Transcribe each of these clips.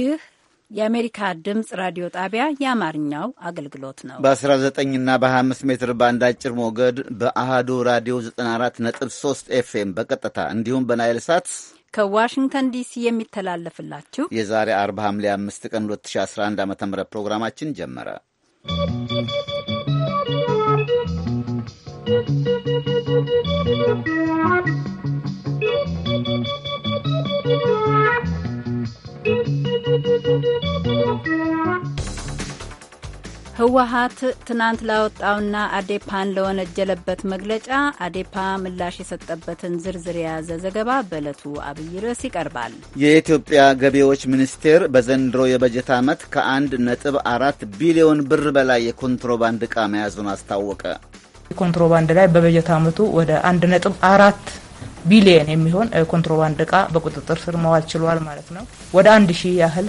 ይህ የአሜሪካ ድምፅ ራዲዮ ጣቢያ የአማርኛው አገልግሎት ነው። በ19 ና በ25 ሜትር ባንድ አጭር ሞገድ በአሃዱ ራዲዮ 94.3 ኤፍኤም በቀጥታ እንዲሁም በናይል ሳት ከዋሽንግተን ዲሲ የሚተላለፍላችሁ የዛሬ 4 ሐምሌ 5 ቀን 2011 ዓ ም ፕሮግራማችን ጀመረ። ህወሀት ትናንት ላወጣውና አዴፓን ለወነጀለበት መግለጫ አዴፓ ምላሽ የሰጠበትን ዝርዝር የያዘ ዘገባ በዕለቱ አብይ ርዕስ ይቀርባል። የኢትዮጵያ ገቢዎች ሚኒስቴር በዘንድሮ የበጀት ዓመት ከአንድ ነጥብ አራት ቢሊዮን ብር በላይ የኮንትሮባንድ ዕቃ መያዙን አስታወቀ። ኮንትሮባንድ ላይ በበጀት ዓመቱ ወደ አንድ ነጥብ አራት ቢሊየን የሚሆን ኮንትሮባንድ ዕቃ በቁጥጥር ስር መዋል ችሏል ማለት ነው። ወደ አንድ ሺህ ያህል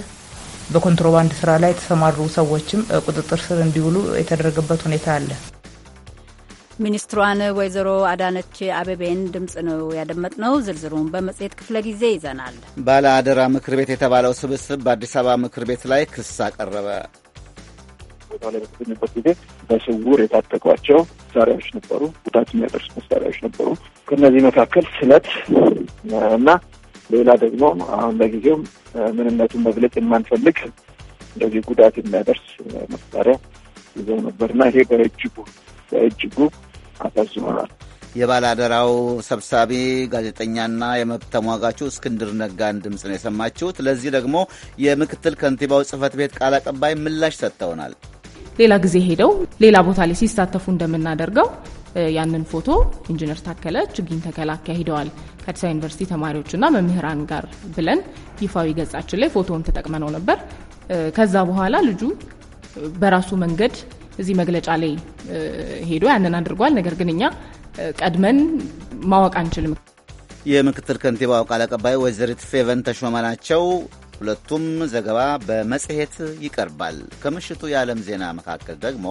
በኮንትሮባንድ ስራ ላይ የተሰማሩ ሰዎችም ቁጥጥር ስር እንዲውሉ የተደረገበት ሁኔታ አለ። ሚኒስትሯን ወይዘሮ አዳነች አቤቤን ድምፅ ነው ያደመጥነው። ዝርዝሩን በመጽሔት ክፍለ ጊዜ ይዘናል። ባለ አደራ ምክር ቤት የተባለው ስብስብ በአዲስ አበባ ምክር ቤት ላይ ክስ አቀረበ። ቦታ ላይ በተገኘበት ጊዜ በስውር የታጠቋቸው መሳሪያዎች ነበሩ፣ ጉዳት የሚያደርሱ መሳሪያዎች ነበሩ። ከእነዚህ መካከል ስለት እና ሌላ ደግሞ አሁን ለጊዜውም ምንነቱን መግለጽ የማንፈልግ እንደዚህ ጉዳት የሚያደርስ መሳሪያ ይዘው ነበርና ይሄ በእጅጉ በእጅጉ አሳዝኖናል። የባላደራው ሰብሳቢ ጋዜጠኛና የመብት ተሟጋቹ እስክንድር ነጋን ድምፅ ነው የሰማችሁት። ለዚህ ደግሞ የምክትል ከንቲባው ጽህፈት ቤት ቃል አቀባይ ምላሽ ሰጥተውናል። ሌላ ጊዜ ሄደው ሌላ ቦታ ላይ ሲሳተፉ እንደምናደርገው ያንን ፎቶ ኢንጂነር ታከለ ችግኝ ተከላ አካሂደዋል ከአዲስ አበባ ዩኒቨርሲቲ ተማሪዎችና መምህራን ጋር ብለን ይፋዊ ገጻችን ላይ ፎቶውን ተጠቅመነው ነበር። ከዛ በኋላ ልጁ በራሱ መንገድ እዚህ መግለጫ ላይ ሄዶ ያንን አድርጓል። ነገር ግን እኛ ቀድመን ማወቅ አንችልም። የምክትል ከንቲባው ቃል አቀባይ ወይዘሪት ፌቨን ተሾመ ናቸው። ሁለቱም ዘገባ በመጽሔት ይቀርባል። ከምሽቱ የዓለም ዜና መካከል ደግሞ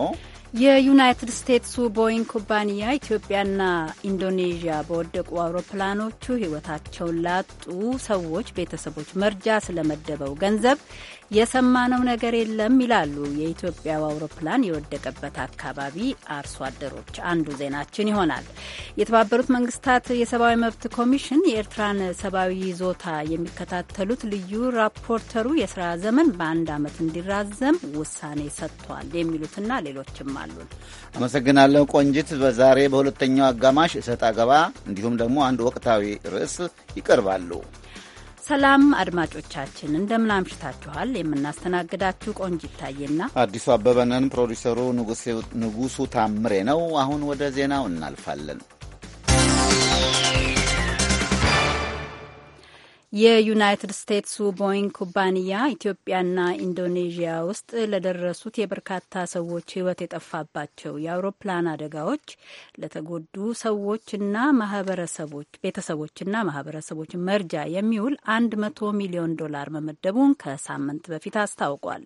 የዩናይትድ ስቴትሱ ቦይንግ ኩባንያ ኢትዮጵያና ኢንዶኔዥያ በወደቁ አውሮፕላኖቹ ሕይወታቸውን ላጡ ሰዎች ቤተሰቦች መርጃ ስለመደበው ገንዘብ የሰማነው ነገር የለም ይላሉ የኢትዮጵያው አውሮፕላን የወደቀበት አካባቢ አርሶ አደሮች። አንዱ ዜናችን ይሆናል። የተባበሩት መንግስታት የሰብአዊ መብት ኮሚሽን የኤርትራን ሰብአዊ ይዞታ የሚከታተሉት ልዩ ራፖርተሩ የስራ ዘመን በአንድ ዓመት እንዲራዘም ውሳኔ ሰጥቷል። የሚሉትና ሌሎችም አሉን። አመሰግናለሁ ቆንጂት። በዛሬ በሁለተኛው አጋማሽ እሰጥ አገባ እንዲሁም ደግሞ አንድ ወቅታዊ ርዕስ ይቀርባሉ። ሰላም አድማጮቻችን፣ እንደምን አምሽታችኋል? የምናስተናግዳችሁ ቆንጅ ይታየና አዲሱ አበበ ነን። ፕሮዲሰሩ ንጉሱ ታምሬ ነው። አሁን ወደ ዜናው እናልፋለን። የዩናይትድ ስቴትሱ ቦይንግ ኩባንያ ኢትዮጵያና ኢንዶኔዥያ ውስጥ ለደረሱት የበርካታ ሰዎች ሕይወት የጠፋባቸው የአውሮፕላን አደጋዎች ለተጎዱ ሰዎችና ማህበረሰቦች ቤተሰቦችና ማህበረሰቦች መርጃ የሚውል አንድ መቶ ሚሊዮን ዶላር መመደቡን ከሳምንት በፊት አስታውቋል።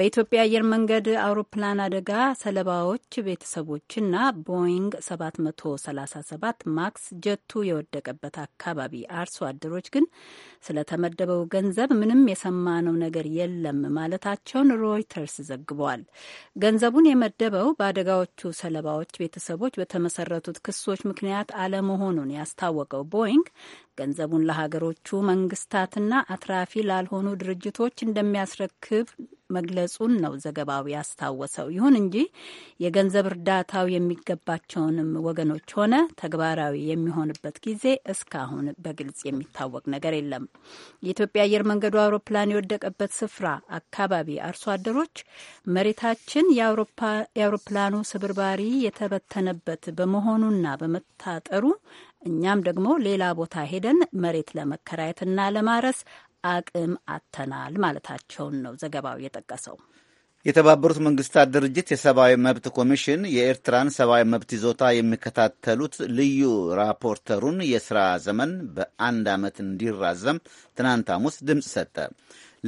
በኢትዮጵያ አየር መንገድ አውሮፕላን አደጋ ሰለባዎች ቤተሰቦችና ቦይንግ 737 ማክስ ጀቱ የወደቀበት አካባቢ አርሶ አደሮች ግን ስለተመደበው ገንዘብ ምንም የሰማነው ነገር የለም ማለታቸውን ሮይተርስ ዘግቧል። ገንዘቡን የመደበው በአደጋዎቹ ሰለባዎች ቤተሰቦች በተመሰረቱት ክሶች ምክንያት አለመሆኑን ያስታወቀው ቦይንግ ገንዘቡን ለሀገሮቹ መንግስታትና አትራፊ ላልሆኑ ድርጅቶች እንደሚያስረክብ መግለጹን ነው ዘገባው ያስታወሰው። ይሁን እንጂ የገንዘብ እርዳታው የሚገባቸውንም ወገኖች ሆነ ተግባራዊ የሚሆንበት ጊዜ እስካሁን በግልጽ የሚታወቅ ነገር የለም። የኢትዮጵያ አየር መንገዱ አውሮፕላን የወደቀበት ስፍራ አካባቢ አርሶ አደሮች መሬታችን የአውሮፕላኑ ስብርባሪ የተበተነበት በመሆኑና በመታጠሩ እኛም ደግሞ ሌላ ቦታ ሄደን መሬት ለመከራየትና ለማረስ አቅም አጥተናል ማለታቸውን ነው ዘገባው የጠቀሰው። የተባበሩት መንግስታት ድርጅት የሰብአዊ መብት ኮሚሽን የኤርትራን ሰብአዊ መብት ይዞታ የሚከታተሉት ልዩ ራፖርተሩን የሥራ ዘመን በአንድ ዓመት እንዲራዘም ትናንት ሐሙስ ድምፅ ሰጠ።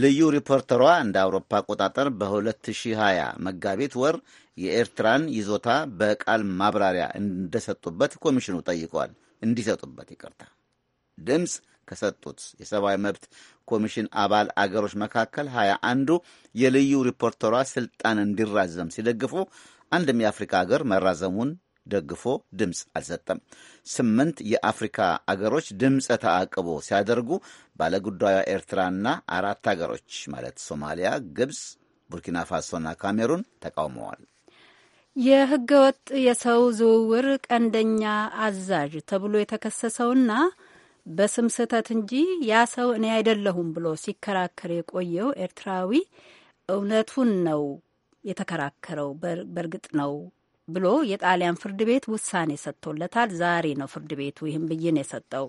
ልዩ ሪፖርተሯ እንደ አውሮፓ አቆጣጠር በ2020 መጋቢት ወር የኤርትራን ይዞታ በቃል ማብራሪያ እንደሰጡበት ኮሚሽኑ ጠይቋል። እንዲሰጡበት ይቅርታ ድምፅ ከሰጡት የሰብአዊ መብት ኮሚሽን አባል አገሮች መካከል ሀያ አንዱ የልዩ ሪፖርተሯ ስልጣን እንዲራዘም ሲደግፉ አንድም የአፍሪካ አገር መራዘሙን ደግፎ ድምፅ አልሰጠም። ስምንት የአፍሪካ አገሮች ድምፀ ተአቅቦ ሲያደርጉ ባለጉዳዩ ኤርትራና አራት አገሮች ማለት ሶማሊያ፣ ግብፅ፣ ቡርኪና ፋሶና ካሜሩን ተቃውመዋል። የህገወጥ የሰው ዝውውር ቀንደኛ አዛዥ ተብሎ የተከሰሰውና በስም ስህተት እንጂ ያ ሰው እኔ አይደለሁም ብሎ ሲከራከር የቆየው ኤርትራዊ እውነቱን ነው የተከራከረው። በእርግጥ ነው ብሎ የጣሊያን ፍርድ ቤት ውሳኔ ሰጥቶለታል። ዛሬ ነው ፍርድ ቤቱ ይህም ብይን የሰጠው።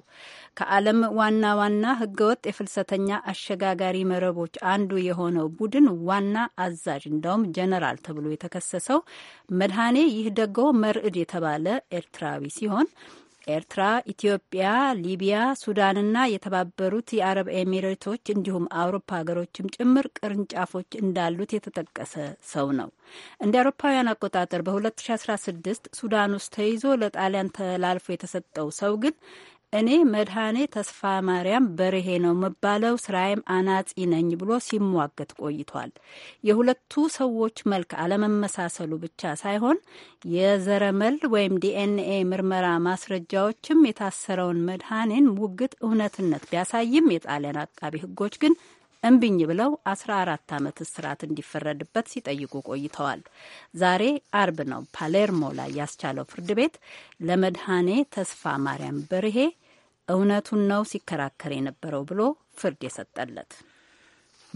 ከዓለም ዋና ዋና ህገወጥ የፍልሰተኛ አሸጋጋሪ መረቦች አንዱ የሆነው ቡድን ዋና አዛዥ እንደውም ጀነራል ተብሎ የተከሰሰው መድኃኔ ይህ ደጎ መርዕድ የተባለ ኤርትራዊ ሲሆን ኤርትራ፣ ኢትዮጵያ፣ ሊቢያ፣ ሱዳንና የተባበሩት የአረብ ኤሚሬቶች እንዲሁም አውሮፓ ሀገሮችም ጭምር ቅርንጫፎች እንዳሉት የተጠቀሰ ሰው ነው። እንደ አውሮፓውያን አቆጣጠር በ2016 ሱዳን ውስጥ ተይዞ ለጣሊያን ተላልፎ የተሰጠው ሰው ግን እኔ መድኃኔ ተስፋ ማርያም በርሄ ነው የምባለው ስራዬም አናጺ ነኝ ብሎ ሲሟገት ቆይቷል። የሁለቱ ሰዎች መልክ አለመመሳሰሉ ብቻ ሳይሆን የዘረመል ወይም ዲኤንኤ ምርመራ ማስረጃዎችም የታሰረውን መድኃኔን ሙግት እውነትነት ቢያሳይም የጣሊያን አቃቢ ሕጎች ግን እምብኝ ብለው 14 ዓመት እስራት እንዲፈረድበት ሲጠይቁ ቆይተዋል። ዛሬ አርብ ነው ፓሌርሞ ላይ ያስቻለው ፍርድ ቤት ለመድኃኔ ተስፋ ማርያም በርሄ እውነቱን ነው ሲከራከር የነበረው ብሎ ፍርድ የሰጠለት።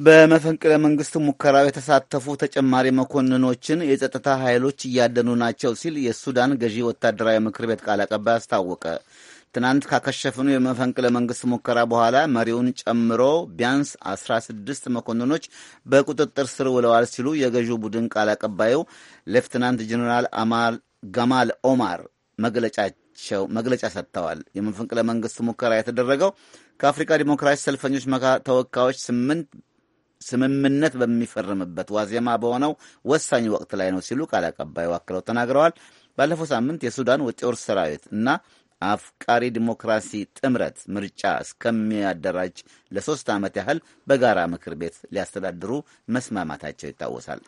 በመፈንቅለ መንግስት ሙከራው የተሳተፉ ተጨማሪ መኮንኖችን የጸጥታ ኃይሎች እያደኑ ናቸው ሲል የሱዳን ገዢ ወታደራዊ ምክር ቤት ቃል አቀባይ አስታወቀ። ትናንት ካከሸፍኑ የመፈንቅለ መንግስት ሙከራ በኋላ መሪውን ጨምሮ ቢያንስ 16 መኮንኖች በቁጥጥር ስር ውለዋል ሲሉ የገዢው ቡድን ቃል አቀባዩ ሌፍትናንት ጀኔራል አማል ገማል ኦማር መግለጫ መሆናቸው መግለጫ ሰጥተዋል። የመፈንቅለ መንግስቱ ሙከራ የተደረገው ከአፍሪካ ዲሞክራሲ ሰልፈኞች ተወካዮች ስምንት ስምምነት በሚፈርምበት ዋዜማ በሆነው ወሳኝ ወቅት ላይ ነው ሲሉ ቃል አቀባዩ አክለው ተናግረዋል። ባለፈው ሳምንት የሱዳን የጦር ሰራዊት እና አፍቃሪ ዲሞክራሲ ጥምረት ምርጫ እስከሚያደራጅ ለሶስት ዓመት ያህል በጋራ ምክር ቤት ሊያስተዳድሩ መስማማታቸው ይታወሳል።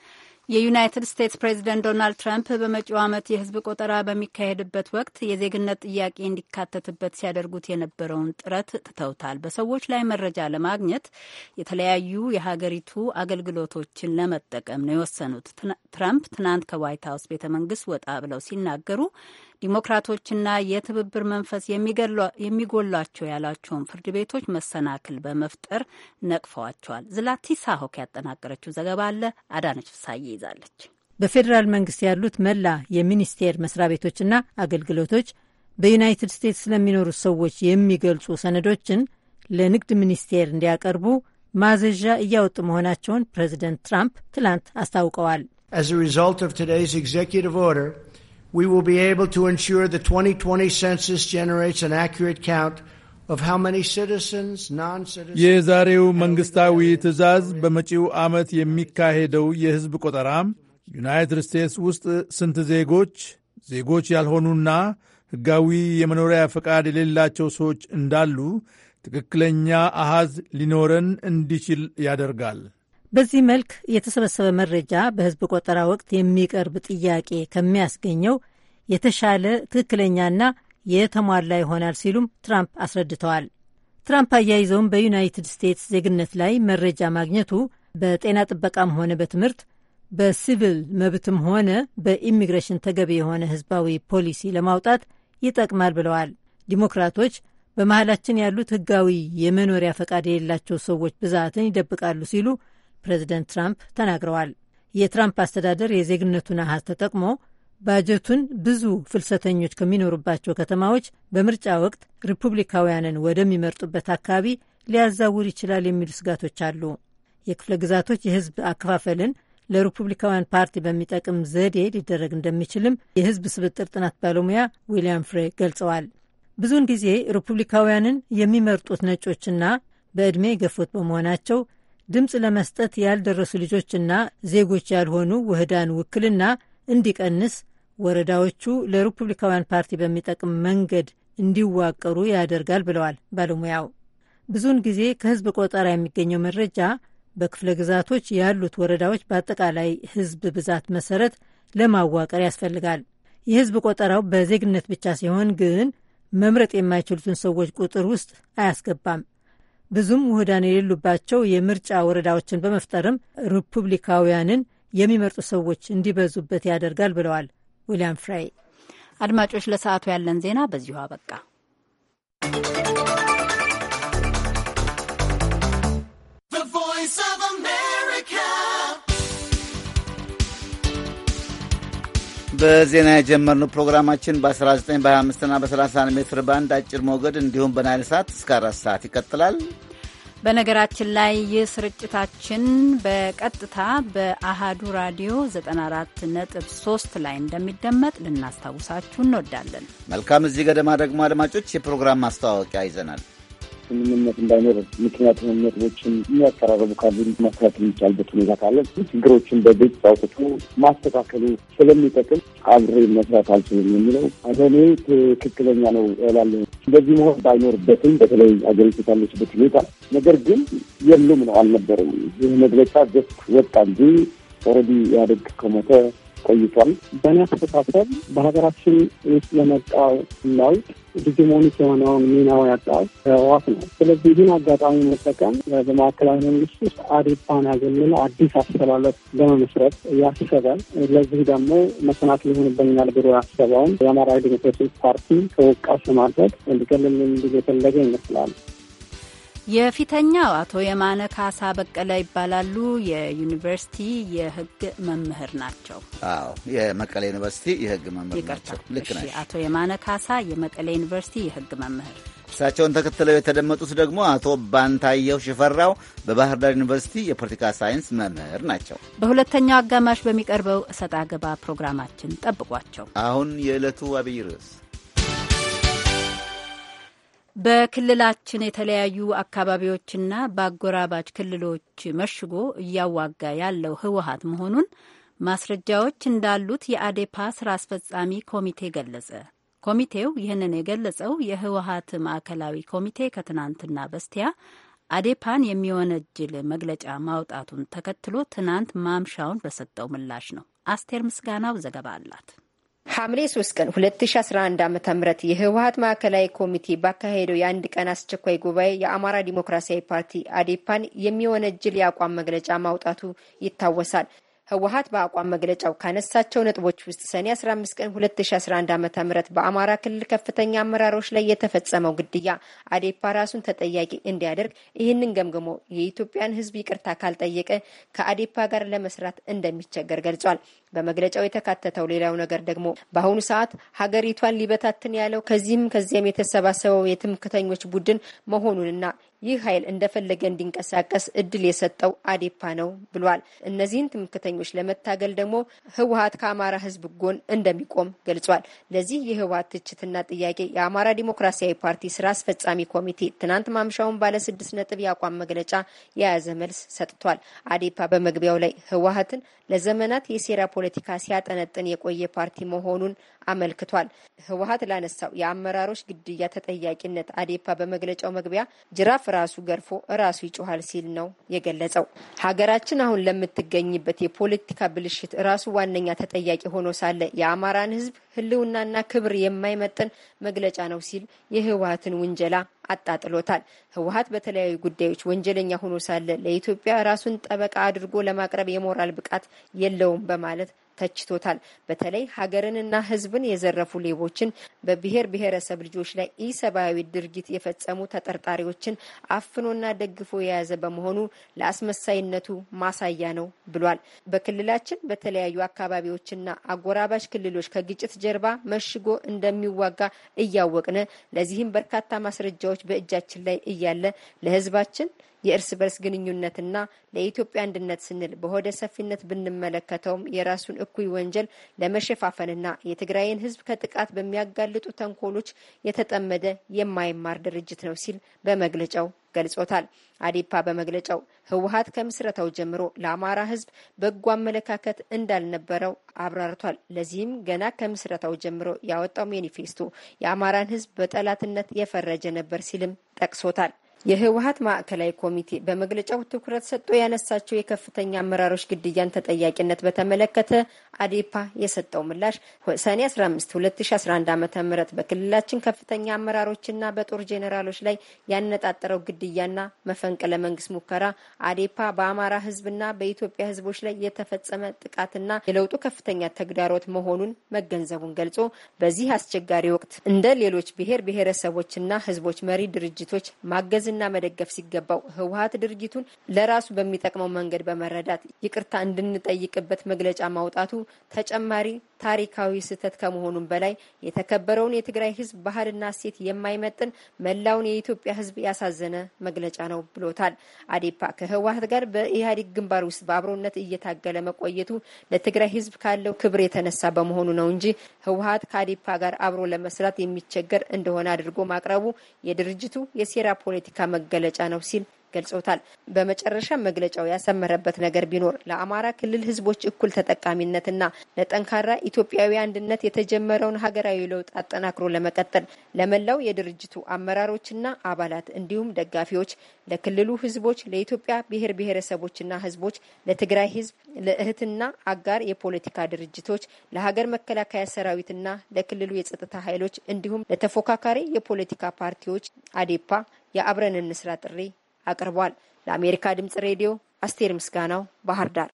የዩናይትድ ስቴትስ ፕሬዚደንት ዶናልድ ትራምፕ በመጪው ዓመት የህዝብ ቆጠራ በሚካሄድበት ወቅት የዜግነት ጥያቄ እንዲካተትበት ሲያደርጉት የነበረውን ጥረት ትተውታል። በሰዎች ላይ መረጃ ለማግኘት የተለያዩ የሀገሪቱ አገልግሎቶችን ለመጠቀም ነው የወሰኑት። ትራምፕ ትናንት ከዋይት ሀውስ ቤተ መንግስት ወጣ ብለው ሲናገሩ ዲሞክራቶችና የትብብር መንፈስ የሚጎሏቸው ያሏቸውን ፍርድ ቤቶች መሰናክል በመፍጠር ነቅፈዋቸዋል። ዝላቲሳ ያጠናቀረችው ዘገባ አለ አዳነች ፍሳዬ ይዛለች። በፌዴራል መንግስት ያሉት መላ የሚኒስቴር መስሪያ ቤቶችና አገልግሎቶች በዩናይትድ ስቴትስ ስለሚኖሩ ሰዎች የሚገልጹ ሰነዶችን ለንግድ ሚኒስቴር እንዲያቀርቡ ማዘዣ እያወጡ መሆናቸውን ፕሬዚደንት ትራምፕ ትላንት አስታውቀዋል። የዛሬው መንግሥታዊ ትዕዛዝ በመጪው ዓመት የሚካሄደው የሕዝብ ቆጠራ ዩናይትድ ስቴትስ ውስጥ ስንት ዜጎች ዜጎች ያልሆኑና ሕጋዊ የመኖሪያ ፈቃድ የሌላቸው ሰዎች እንዳሉ ትክክለኛ አሃዝ ሊኖረን እንዲችል ያደርጋል። በዚህ መልክ የተሰበሰበ መረጃ በሕዝብ ቆጠራ ወቅት የሚቀርብ ጥያቄ ከሚያስገኘው የተሻለ ትክክለኛና የተሟላ ይሆናል ሲሉም ትራምፕ አስረድተዋል። ትራምፕ አያይዘውም በዩናይትድ ስቴትስ ዜግነት ላይ መረጃ ማግኘቱ በጤና ጥበቃም ሆነ በትምህርት በሲቪል መብትም ሆነ በኢሚግሬሽን ተገቢ የሆነ ህዝባዊ ፖሊሲ ለማውጣት ይጠቅማል ብለዋል። ዲሞክራቶች በመሀላችን ያሉት ህጋዊ የመኖሪያ ፈቃድ የሌላቸው ሰዎች ብዛትን ይደብቃሉ ሲሉ ፕሬዚደንት ትራምፕ ተናግረዋል። የትራምፕ አስተዳደር የዜግነቱን አሃዝ ተጠቅሞ ባጀቱን ብዙ ፍልሰተኞች ከሚኖሩባቸው ከተማዎች በምርጫ ወቅት ሪፑብሊካውያንን ወደሚመርጡበት አካባቢ ሊያዛውር ይችላል የሚሉ ስጋቶች አሉ። የክፍለ ግዛቶች የህዝብ አከፋፈልን ለሪፑብሊካውያን ፓርቲ በሚጠቅም ዘዴ ሊደረግ እንደሚችልም የህዝብ ስብጥር ጥናት ባለሙያ ዊልያም ፍሬ ገልጸዋል። ብዙውን ጊዜ ሪፑብሊካውያንን የሚመርጡት ነጮችና በዕድሜ የገፉት በመሆናቸው ድምፅ ለመስጠት ያልደረሱ ልጆችና ዜጎች ያልሆኑ ውህዳን ውክልና እንዲቀንስ ወረዳዎቹ ለሪፑብሊካውያን ፓርቲ በሚጠቅም መንገድ እንዲዋቀሩ ያደርጋል ብለዋል ባለሙያው። ብዙውን ጊዜ ከህዝብ ቆጠራ የሚገኘው መረጃ በክፍለ ግዛቶች ያሉት ወረዳዎች በአጠቃላይ ህዝብ ብዛት መሰረት ለማዋቀር ያስፈልጋል። የህዝብ ቆጠራው በዜግነት ብቻ ሲሆን ግን መምረጥ የማይችሉትን ሰዎች ቁጥር ውስጥ አያስገባም። ብዙም ውህዳን የሌሉባቸው የምርጫ ወረዳዎችን በመፍጠርም ሪፑብሊካውያንን የሚመርጡ ሰዎች እንዲበዙበት ያደርጋል ብለዋል ዊልያም ፍራይ። አድማጮች፣ ለሰዓቱ ያለን ዜና በዚሁ አበቃ። በዜና የጀመርነው ፕሮግራማችን በ19 በ25ና በ31 ሜትር ባንድ አጭር ሞገድ እንዲሁም በናይል ሰዓት እስከ አራት ሰዓት ይቀጥላል። በነገራችን ላይ ይህ ስርጭታችን በቀጥታ በአሃዱ ራዲዮ 94.3 ላይ እንደሚደመጥ ልናስታውሳችሁ እንወዳለን። መልካም። እዚህ ገደማ ደግሞ አድማጮች የፕሮግራም ማስተዋወቂያ ይዘናል። ስምምነት እንዳይኖር ምክንያት የሆኑ ነጥቦችን የሚያቀራረቡ ካሉ መስራት የሚቻልበት ሁኔታ ካለ ችግሮችን በግልጽ አውጥቶ ማስተካከሉ ስለሚጠቅም አብሬ መስራት አልችልም የሚለው እኔ ትክክለኛ ነው እላለሁ። እንደዚህ መሆን ባይኖርበትም በተለይ አገሪቱ ካለችበት ሁኔታ ነገር ግን የሉም ነው አልነበረም። ይህ መግለጫ ገስ ወጣ እንጂ ኦልሬዲ ኢህአዴግ ከሞተ ቆይቷል። በእኔ አስተሳሰብ በሀገራችን ውስጥ ለመጣው ለውጥ ዲጂሞኒክ የሆነውን ሚናው ያጣው ህወሓት ነው። ስለዚህ ይህን አጋጣሚ መጠቀም በማዕከላዊ መንግስት ውስጥ አዴፓን ያገልል አዲስ አስተላለፍ ለመመስረት ያሰበ ለዚህ ደግሞ መሰናክል ይሆንብኛል ብሎ ያሰበውን የአማራ ዲሞክራሲ ፓርቲ ተወቃሽ ማድረግ እንዲገለል እንዲል የፈለገ ይመስላል። የፊተኛው አቶ የማነ ካሳ በቀለ ይባላሉ። የዩኒቨርሲቲ የህግ መምህር ናቸው። አዎ የመቀሌ ዩኒቨርሲቲ የህግ መምህር ናቸው። ልክ አቶ የማነ ካሳ የመቀሌ ዩኒቨርሲቲ የህግ መምህር። እርሳቸውን ተከትለው የተደመጡት ደግሞ አቶ ባንታየው ሽፈራው በባህር ዳር ዩኒቨርሲቲ የፖለቲካ ሳይንስ መምህር ናቸው። በሁለተኛው አጋማሽ በሚቀርበው እሰጥ አገባ ፕሮግራማችን ጠብቋቸው። አሁን የዕለቱ አብይ ርዕስ በክልላችን የተለያዩ አካባቢዎችና በአጎራባች ክልሎች መሽጎ እያዋጋ ያለው ህወሀት መሆኑን ማስረጃዎች እንዳሉት የአዴፓ ስራ አስፈጻሚ ኮሚቴ ገለጸ። ኮሚቴው ይህንን የገለጸው የህወሀት ማዕከላዊ ኮሚቴ ከትናንትና በስቲያ አዴፓን የሚወነጅል መግለጫ ማውጣቱን ተከትሎ ትናንት ማምሻውን በሰጠው ምላሽ ነው። አስቴር ምስጋናው ዘገባ አላት። ሐምሌ 3 ቀን 2011 ዓ ም የህወሀት ማዕከላዊ ኮሚቴ ባካሄደው የአንድ ቀን አስቸኳይ ጉባኤ የአማራ ዲሞክራሲያዊ ፓርቲ አዴፓን የሚወነጅል የአቋም መግለጫ ማውጣቱ ይታወሳል። ህወሀት በአቋም መግለጫው ካነሳቸው ነጥቦች ውስጥ ሰኔ 15 ቀን 2011 ዓ ም በአማራ ክልል ከፍተኛ አመራሮች ላይ የተፈጸመው ግድያ አዴፓ ራሱን ተጠያቂ እንዲያደርግ ይህንን ገምግሞ የኢትዮጵያን ህዝብ ይቅርታ ካልጠየቀ ከአዴፓ ጋር ለመስራት እንደሚቸገር ገልጿል። በመግለጫው የተካተተው ሌላው ነገር ደግሞ በአሁኑ ሰዓት ሀገሪቷን ሊበታትን ያለው ከዚህም ከዚያም የተሰባሰበው የትምክተኞች ቡድን መሆኑንና ይህ ኃይል እንደፈለገ እንዲንቀሳቀስ እድል የሰጠው አዴፓ ነው ብሏል። እነዚህን ትምክተኞች ለመታገል ደግሞ ህወሀት ከአማራ ህዝብ ጎን እንደሚቆም ገልጿል። ለዚህ የህወሀት ትችትና ጥያቄ የአማራ ዲሞክራሲያዊ ፓርቲ ስራ አስፈጻሚ ኮሚቴ ትናንት ማምሻውን ባለ ስድስት ነጥብ የአቋም መግለጫ የያዘ መልስ ሰጥቷል። አዴፓ በመግቢያው ላይ ህወሀትን ለዘመናት የሴራ ፖለቲካ ሲያጠነጥን የቆየ ፓርቲ መሆኑን አመልክቷል። ህወሀት ላነሳው የአመራሮች ግድያ ተጠያቂነት አዴፓ በመግለጫው መግቢያ ጅራፍ ራሱ ገርፎ ራሱ ይጮሃል ሲል ነው የገለጸው። ሀገራችን አሁን ለምትገኝበት የፖለቲካ ብልሽት ራሱ ዋነኛ ተጠያቂ ሆኖ ሳለ የአማራን ህዝብ ህልውናና ክብር የማይመጥን መግለጫ ነው ሲል የህወሀትን ውንጀላ አጣጥሎታል። ህወሀት በተለያዩ ጉዳዮች ወንጀለኛ ሆኖ ሳለ ለኢትዮጵያ ራሱን ጠበቃ አድርጎ ለማቅረብ የሞራል ብቃት የለውም በማለት ተችቶታል። በተለይ ሀገርንና ሕዝብን የዘረፉ ሌቦችን፣ በብሔር ብሔረሰብ ልጆች ላይ ኢሰብአዊ ድርጊት የፈጸሙ ተጠርጣሪዎችን አፍኖና ደግፎ የያዘ በመሆኑ ለአስመሳይነቱ ማሳያ ነው ብሏል። በክልላችን በተለያዩ አካባቢዎችና አጎራባች ክልሎች ከግጭት ጀርባ መሽጎ እንደሚዋጋ እያወቅነ ለዚህም በርካታ ማስረጃዎች በእጃችን ላይ እያለ ለሕዝባችን የእርስ በርስ ግንኙነትና ለኢትዮጵያ አንድነት ስንል በሆደ ሰፊነት ብንመለከተውም የራሱን እኩይ ወንጀል ለመሸፋፈንና የትግራይን ሕዝብ ከጥቃት በሚያጋልጡ ተንኮሎች የተጠመደ የማይማር ድርጅት ነው ሲል በመግለጫው ገልጾታል። አዴፓ በመግለጫው ህወሀት ከምስረታው ጀምሮ ለአማራ ህዝብ በጎ አመለካከት እንዳልነበረው አብራርቷል። ለዚህም ገና ከምስረታው ጀምሮ ያወጣው ሜኒፌስቶ የአማራን ህዝብ በጠላትነት የፈረጀ ነበር ሲልም ጠቅሶታል። የህወሀት ማዕከላዊ ኮሚቴ በመግለጫው ትኩረት ሰጥቶ ያነሳቸው የከፍተኛ አመራሮች ግድያን ተጠያቂነት በተመለከተ አዴፓ የሰጠው ምላሽ ሰኔ 15 2011 ዓ ም በክልላችን ከፍተኛ አመራሮችና በጦር ጄኔራሎች ላይ ያነጣጠረው ግድያና መፈንቅለ መንግስት ሙከራ አዴፓ በአማራ ህዝብና በኢትዮጵያ ህዝቦች ላይ የተፈጸመ ጥቃትና የለውጡ ከፍተኛ ተግዳሮት መሆኑን መገንዘቡን ገልጾ በዚህ አስቸጋሪ ወቅት እንደ ሌሎች ብሔር ብሔረሰቦችና ህዝቦች መሪ ድርጅቶች ማገዝ እውቅና መደገፍ ሲገባው ህወሀት ድርጊቱን ለራሱ በሚጠቅመው መንገድ በመረዳት ይቅርታ እንድንጠይቅበት መግለጫ ማውጣቱ ተጨማሪ ታሪካዊ ስህተት ከመሆኑም በላይ የተከበረውን የትግራይ ህዝብ ባህልና እሴት የማይመጥን መላውን የኢትዮጵያ ህዝብ ያሳዘነ መግለጫ ነው ብሎታል። አዴፓ ከህወሀት ጋር በኢህአዴግ ግንባር ውስጥ በአብሮነት እየታገለ መቆየቱ ለትግራይ ህዝብ ካለው ክብር የተነሳ በመሆኑ ነው እንጂ ህወሀት ከአዴፓ ጋር አብሮ ለመስራት የሚቸገር እንደሆነ አድርጎ ማቅረቡ የድርጅቱ የሴራ ፖለቲካ የፖለቲካ መገለጫ ነው ሲል ገልጾታል። በመጨረሻ መግለጫው ያሰመረበት ነገር ቢኖር ለአማራ ክልል ህዝቦች እኩል ተጠቃሚነትና ለጠንካራ ኢትዮጵያዊ አንድነት የተጀመረውን ሀገራዊ ለውጥ አጠናክሮ ለመቀጠል ለመላው የድርጅቱ አመራሮችና አባላት እንዲሁም ደጋፊዎች፣ ለክልሉ ህዝቦች ለኢትዮጵያ ብሔር ብሔረሰቦችና ህዝቦች ለትግራይ ህዝብ ለእህትና አጋር የፖለቲካ ድርጅቶች፣ ለሀገር መከላከያ ሰራዊትና ለክልሉ የጸጥታ ኃይሎች እንዲሁም ለተፎካካሪ የፖለቲካ ፓርቲዎች አዴፓ የአብረን እንስራ ጥሪ አቅርቧል። ለአሜሪካ ድምጽ ሬዲዮ አስቴር ምስጋናው ባህር ዳር።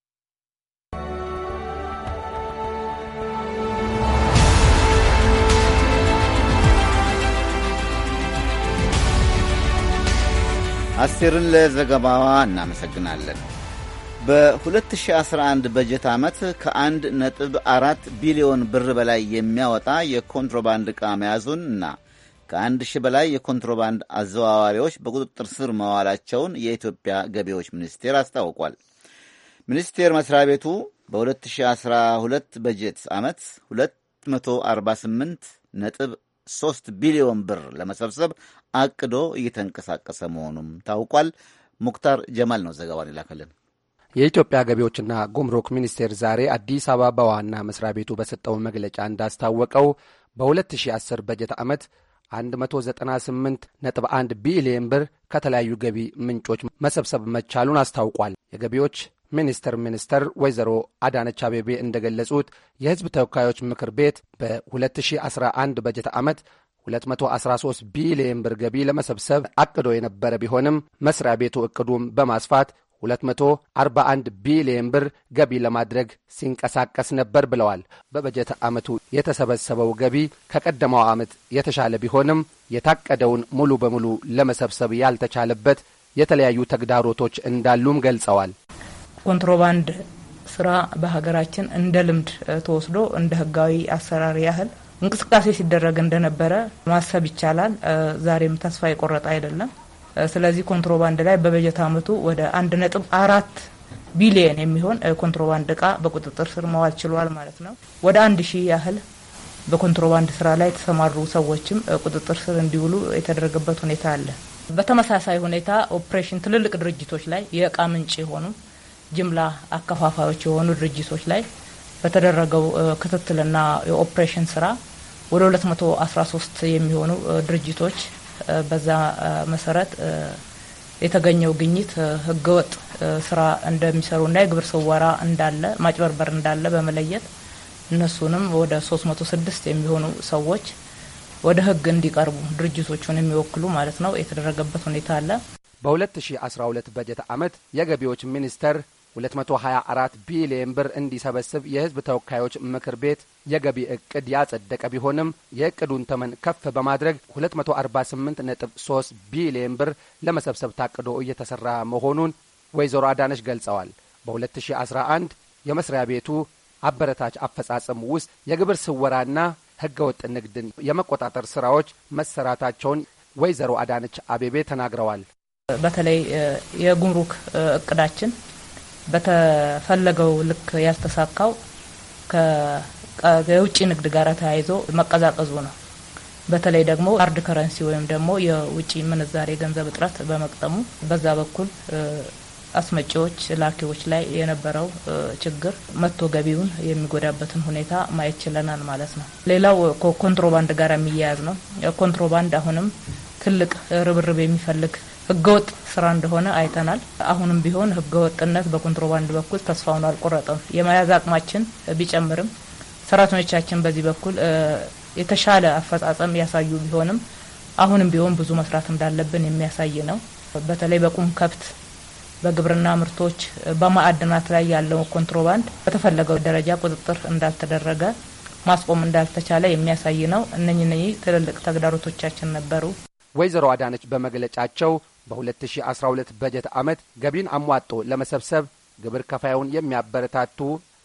አስቴርን ለዘገባዋ እናመሰግናለን። በ2011 በጀት ዓመት ከአንድ ነጥብ 4 ቢሊዮን ብር በላይ የሚያወጣ የኮንትሮባንድ ዕቃ መያዙን እና ከአንድ ሺህ በላይ የኮንትሮባንድ አዘዋዋሪዎች በቁጥጥር ስር መዋላቸውን የኢትዮጵያ ገቢዎች ሚኒስቴር አስታውቋል። ሚኒስቴር መስሪያ ቤቱ በ2012 በጀት ዓመት 248 ነጥብ 3 ቢሊዮን ብር ለመሰብሰብ አቅዶ እየተንቀሳቀሰ መሆኑም ታውቋል። ሙክታር ጀማል ነው ዘገባውን ይላከልን። የኢትዮጵያ ገቢዎችና ጉምሩክ ሚኒስቴር ዛሬ አዲስ አበባ በዋና መስሪያ ቤቱ በሰጠው መግለጫ እንዳስታወቀው በ2010 በጀት ዓመት 198.1 ቢሊዮን ብር ከተለያዩ ገቢ ምንጮች መሰብሰብ መቻሉን አስታውቋል። የገቢዎች ሚኒስቴር ሚኒስተር ወይዘሮ አዳነች አቤቤ እንደገለጹት የሕዝብ ተወካዮች ምክር ቤት በ2011 በጀት ዓመት 213 ቢሊዮን ብር ገቢ ለመሰብሰብ አቅዶ የነበረ ቢሆንም መስሪያ ቤቱ እቅዱም በማስፋት 241 ቢሊዮን ብር ገቢ ለማድረግ ሲንቀሳቀስ ነበር ብለዋል። በበጀት ዓመቱ የተሰበሰበው ገቢ ከቀደመው ዓመት የተሻለ ቢሆንም የታቀደውን ሙሉ በሙሉ ለመሰብሰብ ያልተቻለበት የተለያዩ ተግዳሮቶች እንዳሉም ገልጸዋል። ኮንትሮባንድ ስራ በሀገራችን እንደ ልምድ ተወስዶ እንደ ህጋዊ አሰራር ያህል እንቅስቃሴ ሲደረግ እንደነበረ ማሰብ ይቻላል። ዛሬም ተስፋ የቆረጠ አይደለም። ስለዚህ ኮንትሮባንድ ላይ በበጀት አመቱ ወደ አንድ ነጥብ አራት ቢሊየን የሚሆን ኮንትሮባንድ እቃ በቁጥጥር ስር መዋል ችሏል ማለት ነው። ወደ አንድ ሺህ ያህል በኮንትሮባንድ ስራ ላይ የተሰማሩ ሰዎችም ቁጥጥር ስር እንዲውሉ የተደረገበት ሁኔታ አለ። በተመሳሳይ ሁኔታ ኦፕሬሽን ትልልቅ ድርጅቶች ላይ የእቃ ምንጭ የሆኑ ጅምላ አከፋፋዮች የሆኑ ድርጅቶች ላይ በተደረገው ክትትልና የኦፕሬሽን ስራ ወደ 213 የሚሆኑ ድርጅቶች በዛ መሰረት የተገኘው ግኝት ህገወጥ ስራ እንደሚሰሩና የግብር ስወራ እንዳለ ማጭበርበር እንዳለ በመለየት እነሱንም ወደ 306 የሚሆኑ ሰዎች ወደ ህግ እንዲቀርቡ ድርጅቶቹን የሚወክሉ ማለት ነው የተደረገበት ሁኔታ አለ። በ2012 በጀት ዓመት የገቢዎች ሚኒስቴር 224 ቢሊዮን ብር እንዲሰበስብ የህዝብ ተወካዮች ምክር ቤት የገቢ እቅድ ያጸደቀ ቢሆንም የእቅዱን ተመን ከፍ በማድረግ 248.3 ቢሊዮን ብር ለመሰብሰብ ታቅዶ እየተሰራ መሆኑን ወይዘሮ አዳነች ገልጸዋል። በ2011 የመስሪያ ቤቱ አበረታች አፈጻጸም ውስጥ የግብር ስወራና ሕገወጥ ንግድን የመቆጣጠር ስራዎች መሰራታቸውን ወይዘሮ አዳነች አቤቤ ተናግረዋል። በተለይ የጉምሩክ እቅዳችን በተፈለገው ልክ ያስተሳካው የውጭ ንግድ ጋር ተያይዞ መቀዛቀዙ ነው። በተለይ ደግሞ ሃርድ ከረንሲ ወይም ደግሞ የውጭ ምንዛሬ ገንዘብ እጥረት በመቅጠሙ በዛ በኩል አስመጪዎች፣ ላኪዎች ላይ የነበረው ችግር መጥቶ ገቢውን የሚጎዳበትን ሁኔታ ማየት ችለናል ማለት ነው። ሌላው ከኮንትሮባንድ ጋር የሚያያዝ ነው። ኮንትሮባንድ አሁንም ትልቅ ርብርብ የሚፈልግ ህገወጥ ስራ እንደሆነ አይተናል። አሁንም ቢሆን ህገወጥነት በኮንትሮባንድ በኩል ተስፋውን አልቆረጠም። የመያዝ አቅማችን ቢጨምርም ሰራተኞቻችን በዚህ በኩል የተሻለ አፈጻጸም ያሳዩ ቢሆንም አሁንም ቢሆን ብዙ መስራት እንዳለብን የሚያሳይ ነው። በተለይ በቁም ከብት፣ በግብርና ምርቶች፣ በማዕድናት ላይ ያለው ኮንትሮባንድ በተፈለገው ደረጃ ቁጥጥር እንዳልተደረገ ማስቆም እንዳልተቻለ የሚያሳይ ነው። እነኚህ ትልልቅ ተግዳሮቶቻችን ነበሩ። ወይዘሮ አዳነች በመግለጫቸው በ2012 በጀት ዓመት ገቢን አሟጦ ለመሰብሰብ ግብር ከፋዩን የሚያበረታቱ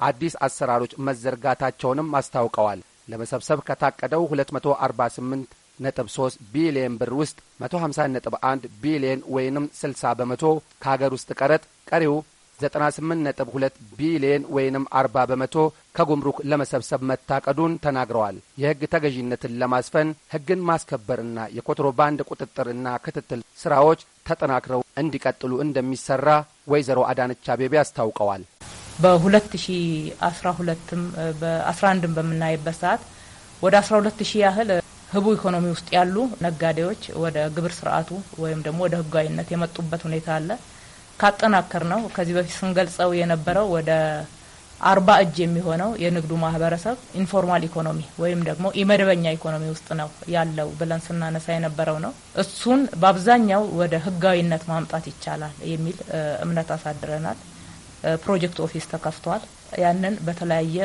አዲስ አሰራሮች መዘርጋታቸውንም አስታውቀዋል። ለመሰብሰብ ከታቀደው 248 ነጥብ 3 ቢሊየን ብር ውስጥ 150 ነጥብ 1 ቢሊየን ወይንም 60 በመቶ ከሀገር ውስጥ ቀረጥ፣ ቀሪው 98.2 ቢሊየን ወይንም 40 በመቶ ከጉምሩክ ለመሰብሰብ መታቀዱን ተናግረዋል። የሕግ ተገዢነትን ለማስፈን ሕግን ማስከበርና የኮንትሮባንድ ቁጥጥርና ክትትል ስራዎች ተጠናክረው እንዲቀጥሉ እንደሚሰራ ወይዘሮ አዳነች አቤቤ አስታውቀዋል። በ በ11ም በምናይበት ሰዓት ወደ 12 ሺህ ያህል ህቡ ኢኮኖሚ ውስጥ ያሉ ነጋዴዎች ወደ ግብር ስርዓቱ ወይም ደግሞ ወደ ህጋዊነት የመጡበት ሁኔታ አለ። ካጠናከር ነው ከዚህ በፊት ስንገልጸው የነበረው ወደ አርባ እጅ የሚሆነው የንግዱ ማህበረሰብ ኢንፎርማል ኢኮኖሚ ወይም ደግሞ ኢመደበኛ ኢኮኖሚ ውስጥ ነው ያለው ብለን ስናነሳ የነበረው ነው። እሱን በአብዛኛው ወደ ህጋዊነት ማምጣት ይቻላል የሚል እምነት አሳድረናል። ፕሮጀክት ኦፊስ ተከፍቷል። ያንን በተለያየ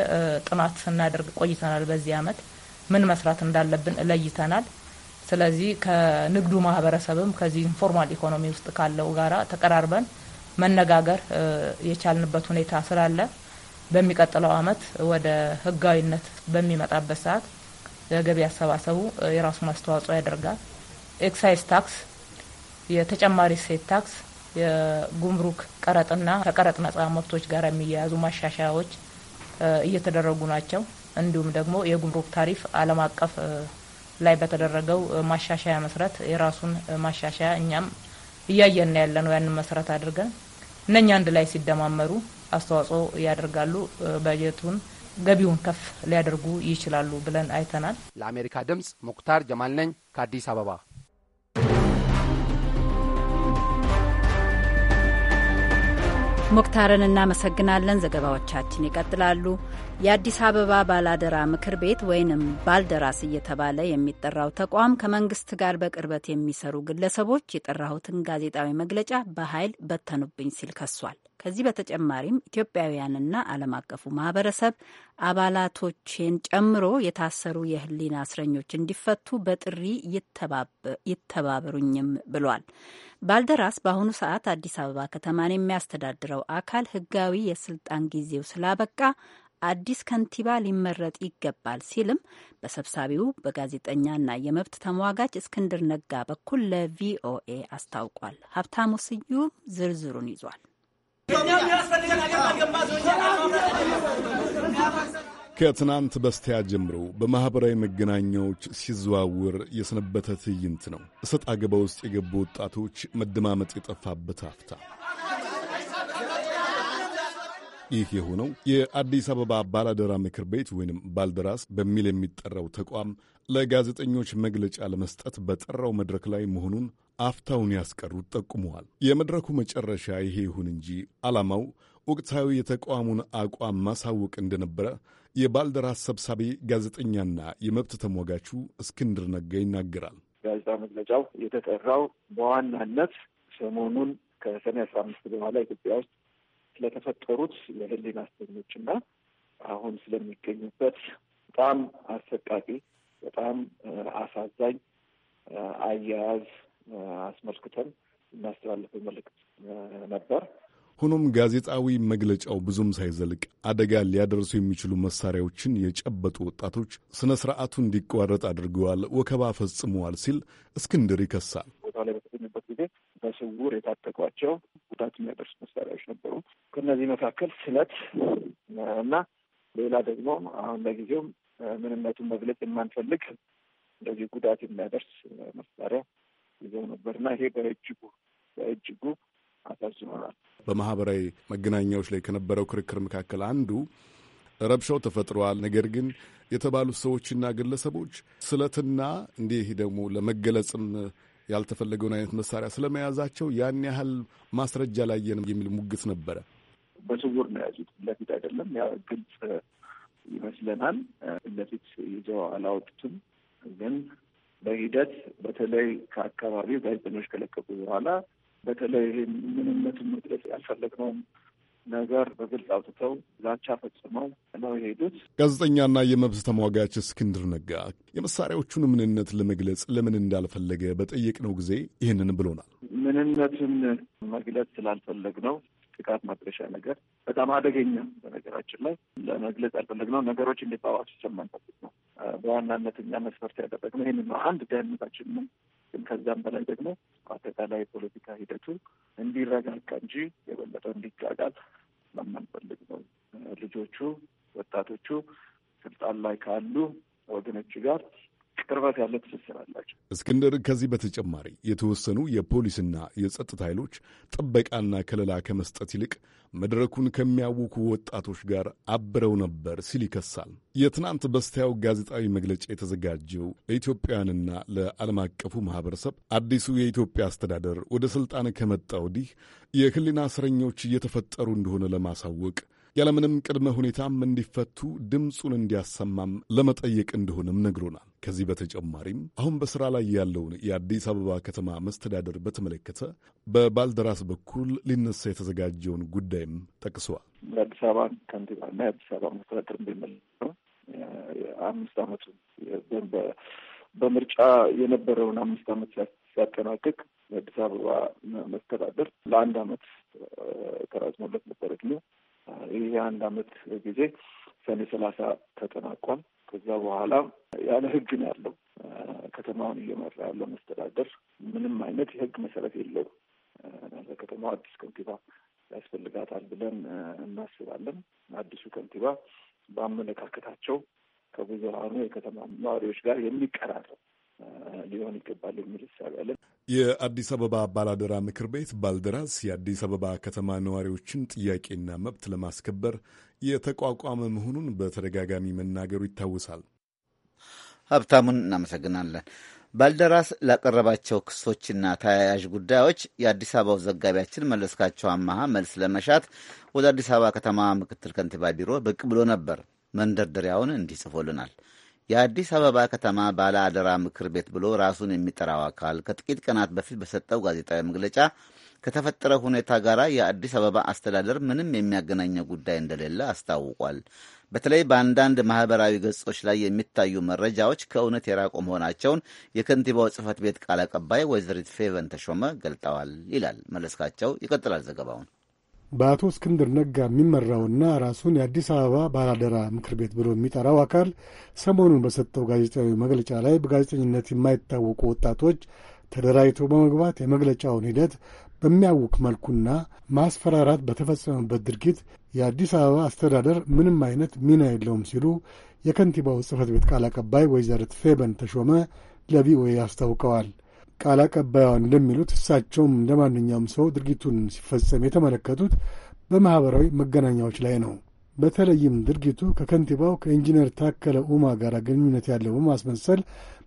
ጥናት ስናደርግ ቆይተናል። በዚህ አመት ምን መስራት እንዳለብን እለይተናል። ስለዚህ ከንግዱ ማህበረሰብም ከዚህ ኢንፎርማል ኢኮኖሚ ውስጥ ካለው ጋራ ተቀራርበን መነጋገር የቻልንበት ሁኔታ ስላለ በሚቀጥለው አመት ወደ ህጋዊነት በሚመጣበት ሰዓት የገቢ አሰባሰቡ የራሱን አስተዋጽኦ ያደርጋል። ኤክሳይዝ ታክስ፣ የተጨማሪ እሴት ታክስ፣ የጉምሩክ ቀረጥና ከቀረጥ ነጻ መብቶች ጋር የሚያያዙ ማሻሻያዎች እየተደረጉ ናቸው። እንዲሁም ደግሞ የጉምሩክ ታሪፍ ዓለም አቀፍ ላይ በተደረገው ማሻሻያ መሰረት የራሱን ማሻሻያ እኛም እያየን ያለ ነው። ያንን መሰረት አድርገን እነኛ አንድ ላይ ሲደማመሩ አስተዋጽኦ ያደርጋሉ። በጀቱን ገቢውን ከፍ ሊያደርጉ ይችላሉ ብለን አይተናል። ለአሜሪካ ድምጽ ሙክታር ጀማል ነኝ ከአዲስ አበባ። ሞክታርን እናመሰግናለን። ዘገባዎቻችን ይቀጥላሉ። የአዲስ አበባ ባላደራ ምክር ቤት ወይንም ባልደራስ እየተባለ የሚጠራው ተቋም ከመንግስት ጋር በቅርበት የሚሰሩ ግለሰቦች የጠራሁትን ጋዜጣዊ መግለጫ በኃይል በተኑብኝ ሲል ከሷል። ከዚህ በተጨማሪም ኢትዮጵያውያንና ዓለም አቀፉ ማህበረሰብ አባላቶችን ጨምሮ የታሰሩ የህሊና እስረኞች እንዲፈቱ በጥሪ ይተባበሩኝም ብሏል። ባልደራስ በአሁኑ ሰዓት አዲስ አበባ ከተማን የሚያስተዳድረው አካል ህጋዊ የስልጣን ጊዜው ስላበቃ አዲስ ከንቲባ ሊመረጥ ይገባል ሲልም በሰብሳቢው በጋዜጠኛና የመብት ተሟጋች እስክንድር ነጋ በኩል ለቪኦኤ አስታውቋል። ሀብታሙ ስዩም ዝርዝሩን ይዟል። ከትናንት በስቲያ ጀምሮ በማኅበራዊ መገናኛዎች ሲዘዋውር የሰነበተ ትዕይንት ነው። እሰጥ አገባ ውስጥ የገቡ ወጣቶች መደማመጥ የጠፋበት አፍታ። ይህ የሆነው የአዲስ አበባ ባላደራ ምክር ቤት ወይም ባልደራስ በሚል የሚጠራው ተቋም ለጋዜጠኞች መግለጫ ለመስጠት በጠራው መድረክ ላይ መሆኑን አፍታውን ያስቀሩት ጠቁመዋል። የመድረኩ መጨረሻ ይሄ ይሁን እንጂ ዓላማው ወቅታዊ የተቋሙን አቋም ማሳወቅ እንደነበረ የባልደራስ ሰብሳቢ ጋዜጠኛና የመብት ተሟጋቹ እስክንድር ነጋ ይናገራል። ጋዜጣ መግለጫው የተጠራው በዋናነት ሰሞኑን ከሰኔ አስራ አምስት በኋላ ኢትዮጵያ ውስጥ ስለተፈጠሩት የህሊና እስረኞችና አሁን ስለሚገኙበት በጣም አሰቃቂ በጣም አሳዛኝ አያያዝ አስመልክተን የሚያስተላልፈው መልእክት ነበር። ሆኖም ጋዜጣዊ መግለጫው ብዙም ሳይዘልቅ አደጋ ሊያደርሱ የሚችሉ መሳሪያዎችን የጨበጡ ወጣቶች ስነ ስርዓቱ እንዲቋረጥ አድርገዋል፣ ወከባ ፈጽመዋል ሲል እስክንድር ይከሳል። ቦታ ላይ በተገኙበት ጊዜ በስውር የታጠቋቸው ጉዳት የሚያደርሱ መሳሪያዎች ነበሩ። ከእነዚህ መካከል ስለት እና ሌላ ደግሞ አሁን ለጊዜው ምንነቱን መግለጽ የማንፈልግ እንደዚህ ጉዳት የሚያደርስ መሳሪያ ይዘው እና ይሄ በእጅጉ በእጅጉ አሳስኖናል። በማህበራዊ መገናኛዎች ላይ ከነበረው ክርክር መካከል አንዱ ረብሻው ተፈጥሯል፣ ነገር ግን የተባሉት ሰዎችና ግለሰቦች ስለትና እንዲህ ደግሞ ለመገለጽም ያልተፈለገውን አይነት መሳሪያ ስለመያዛቸው ያን ያህል ማስረጃ ላየን የሚል ሙግት ነበረ። በስውር ነው ያዙት፣ ለፊት አይደለም። ያ ግልጽ ይመስለናል። ለፊት ይዘው አላወጡትም። ግን በሂደት በተለይ ከአካባቢው ጋዜጠኞች ከለቀቁ በኋላ በተለይ ይህን ምንነቱን መግለጽ ያልፈለግነውም ነገር በግልጽ አውጥተው ዛቻ ፈጽመው ነው የሄዱት። ጋዜጠኛና የመብት ተሟጋች እስክንድር ነጋ የመሳሪያዎቹን ምንነት ለመግለጽ ለምን እንዳልፈለገ በጠየቅነው ጊዜ ይህንን ብሎናል። ምንነቱን መግለጽ ስላልፈለግነው ጥቃት ማድረሻ ነገር በጣም አደገኛ በነገራችን ላይ ለመግለጽ ያልፈለግነው ነገሮች እንዲባባሱ ስለማንፈልግ ነው። በዋናነት እኛ መስፈርት ያደረግነው ይህንን ነው። አንድ ደህንነታችን ነው። ግን ከዛም በላይ ደግሞ አጠቃላይ የፖለቲካ ሂደቱ እንዲረጋጋ እንጂ የበለጠ እንዲጋጋል ስለማንፈልግ ነው። ልጆቹ ወጣቶቹ ስልጣን ላይ ካሉ ወገኖች ጋር ቅርበት ያለ ትስስር አላቸው። እስክንድር፣ ከዚህ በተጨማሪ የተወሰኑ የፖሊስና የጸጥታ ኃይሎች ጥበቃና ከለላ ከመስጠት ይልቅ መድረኩን ከሚያውኩ ወጣቶች ጋር አብረው ነበር ሲል ይከሳል። የትናንት በስቲያው ጋዜጣዊ መግለጫ የተዘጋጀው ለኢትዮጵያውያንና ለዓለም አቀፉ ማህበረሰብ አዲሱ የኢትዮጵያ አስተዳደር ወደ ስልጣን ከመጣ ወዲህ የህሊና እስረኞች እየተፈጠሩ እንደሆነ ለማሳወቅ ያለምንም ቅድመ ሁኔታም እንዲፈቱ ድምፁን እንዲያሰማም ለመጠየቅ እንደሆነም ነግሮናል። ከዚህ በተጨማሪም አሁን በስራ ላይ ያለውን የአዲስ አበባ ከተማ መስተዳደር በተመለከተ በባልደራስ በኩል ሊነሳ የተዘጋጀውን ጉዳይም ጠቅሰዋል። የአዲስ አበባ ከንቲባና የአዲስ አበባ መስተዳደር አምስት አመቱ በምርጫ የነበረውን አምስት አመት ሲያጠናቅቅ የአዲስ አበባ መስተዳደር ለአንድ አመት ተራዝሞለት ነበር እድሜው ይህ የአንድ አመት ጊዜ ሰኔ ሰላሳ ተጠናቋል። ከዛ በኋላ ያለ ህግ ነው ያለው ከተማውን እየመራ ያለው መስተዳደር ምንም አይነት የህግ መሰረት የለውም። ለከተማው አዲስ ከንቲባ ያስፈልጋታል ብለን እናስባለን። አዲሱ ከንቲባ በአመለካከታቸው ከብዙሀኑ የከተማ ነዋሪዎች ጋር የሚቀራረብ ሊሆን ይገባል የሚል ሀሳብ የአዲስ አበባ ባላደራ ምክር ቤት ባልደራስ የአዲስ አበባ ከተማ ነዋሪዎችን ጥያቄና መብት ለማስከበር የተቋቋመ መሆኑን በተደጋጋሚ መናገሩ ይታወሳል። ሀብታሙን እናመሰግናለን። ባልደራስ ላቀረባቸው ክሶችና ተያያዥ ጉዳዮች የአዲስ አበባው ዘጋቢያችን መለስካቸው አማሃ መልስ ለመሻት ወደ አዲስ አበባ ከተማ ምክትል ከንቲባ ቢሮ ብቅ ብሎ ነበር። መንደርደሪያውን እንዲህ ጽፎልናል። የአዲስ አበባ ከተማ ባለ አደራ ምክር ቤት ብሎ ራሱን የሚጠራው አካል ከጥቂት ቀናት በፊት በሰጠው ጋዜጣዊ መግለጫ ከተፈጠረ ሁኔታ ጋር የአዲስ አበባ አስተዳደር ምንም የሚያገናኘው ጉዳይ እንደሌለ አስታውቋል። በተለይ በአንዳንድ ማኅበራዊ ገጾች ላይ የሚታዩ መረጃዎች ከእውነት የራቁ መሆናቸውን የከንቲባው ጽፈት ቤት ቃል አቀባይ ወይዘሪት ፌቨን ተሾመ ገልጠዋል ይላል መለስካቸው። ይቀጥላል ዘገባውን በአቶ እስክንድር ነጋ የሚመራውና ራሱን የአዲስ አበባ ባላደራ ምክር ቤት ብሎ የሚጠራው አካል ሰሞኑን በሰጠው ጋዜጣዊ መግለጫ ላይ በጋዜጠኝነት የማይታወቁ ወጣቶች ተደራጅተው በመግባት የመግለጫውን ሂደት በሚያውክ መልኩና ማስፈራራት በተፈጸመበት ድርጊት የአዲስ አበባ አስተዳደር ምንም አይነት ሚና የለውም ሲሉ የከንቲባው ጽፈት ቤት ቃል አቀባይ ወይዘሪት ፌበን ተሾመ ለቪኦኤ አስታውቀዋል። ቃል አቀባይዋ እንደሚሉት እሳቸውም እንደ ማንኛውም ሰው ድርጊቱን ሲፈጸም የተመለከቱት በማኅበራዊ መገናኛዎች ላይ ነው። በተለይም ድርጊቱ ከከንቲባው ከኢንጂነር ታከለ ኡማ ጋር ግንኙነት ያለው በማስመሰል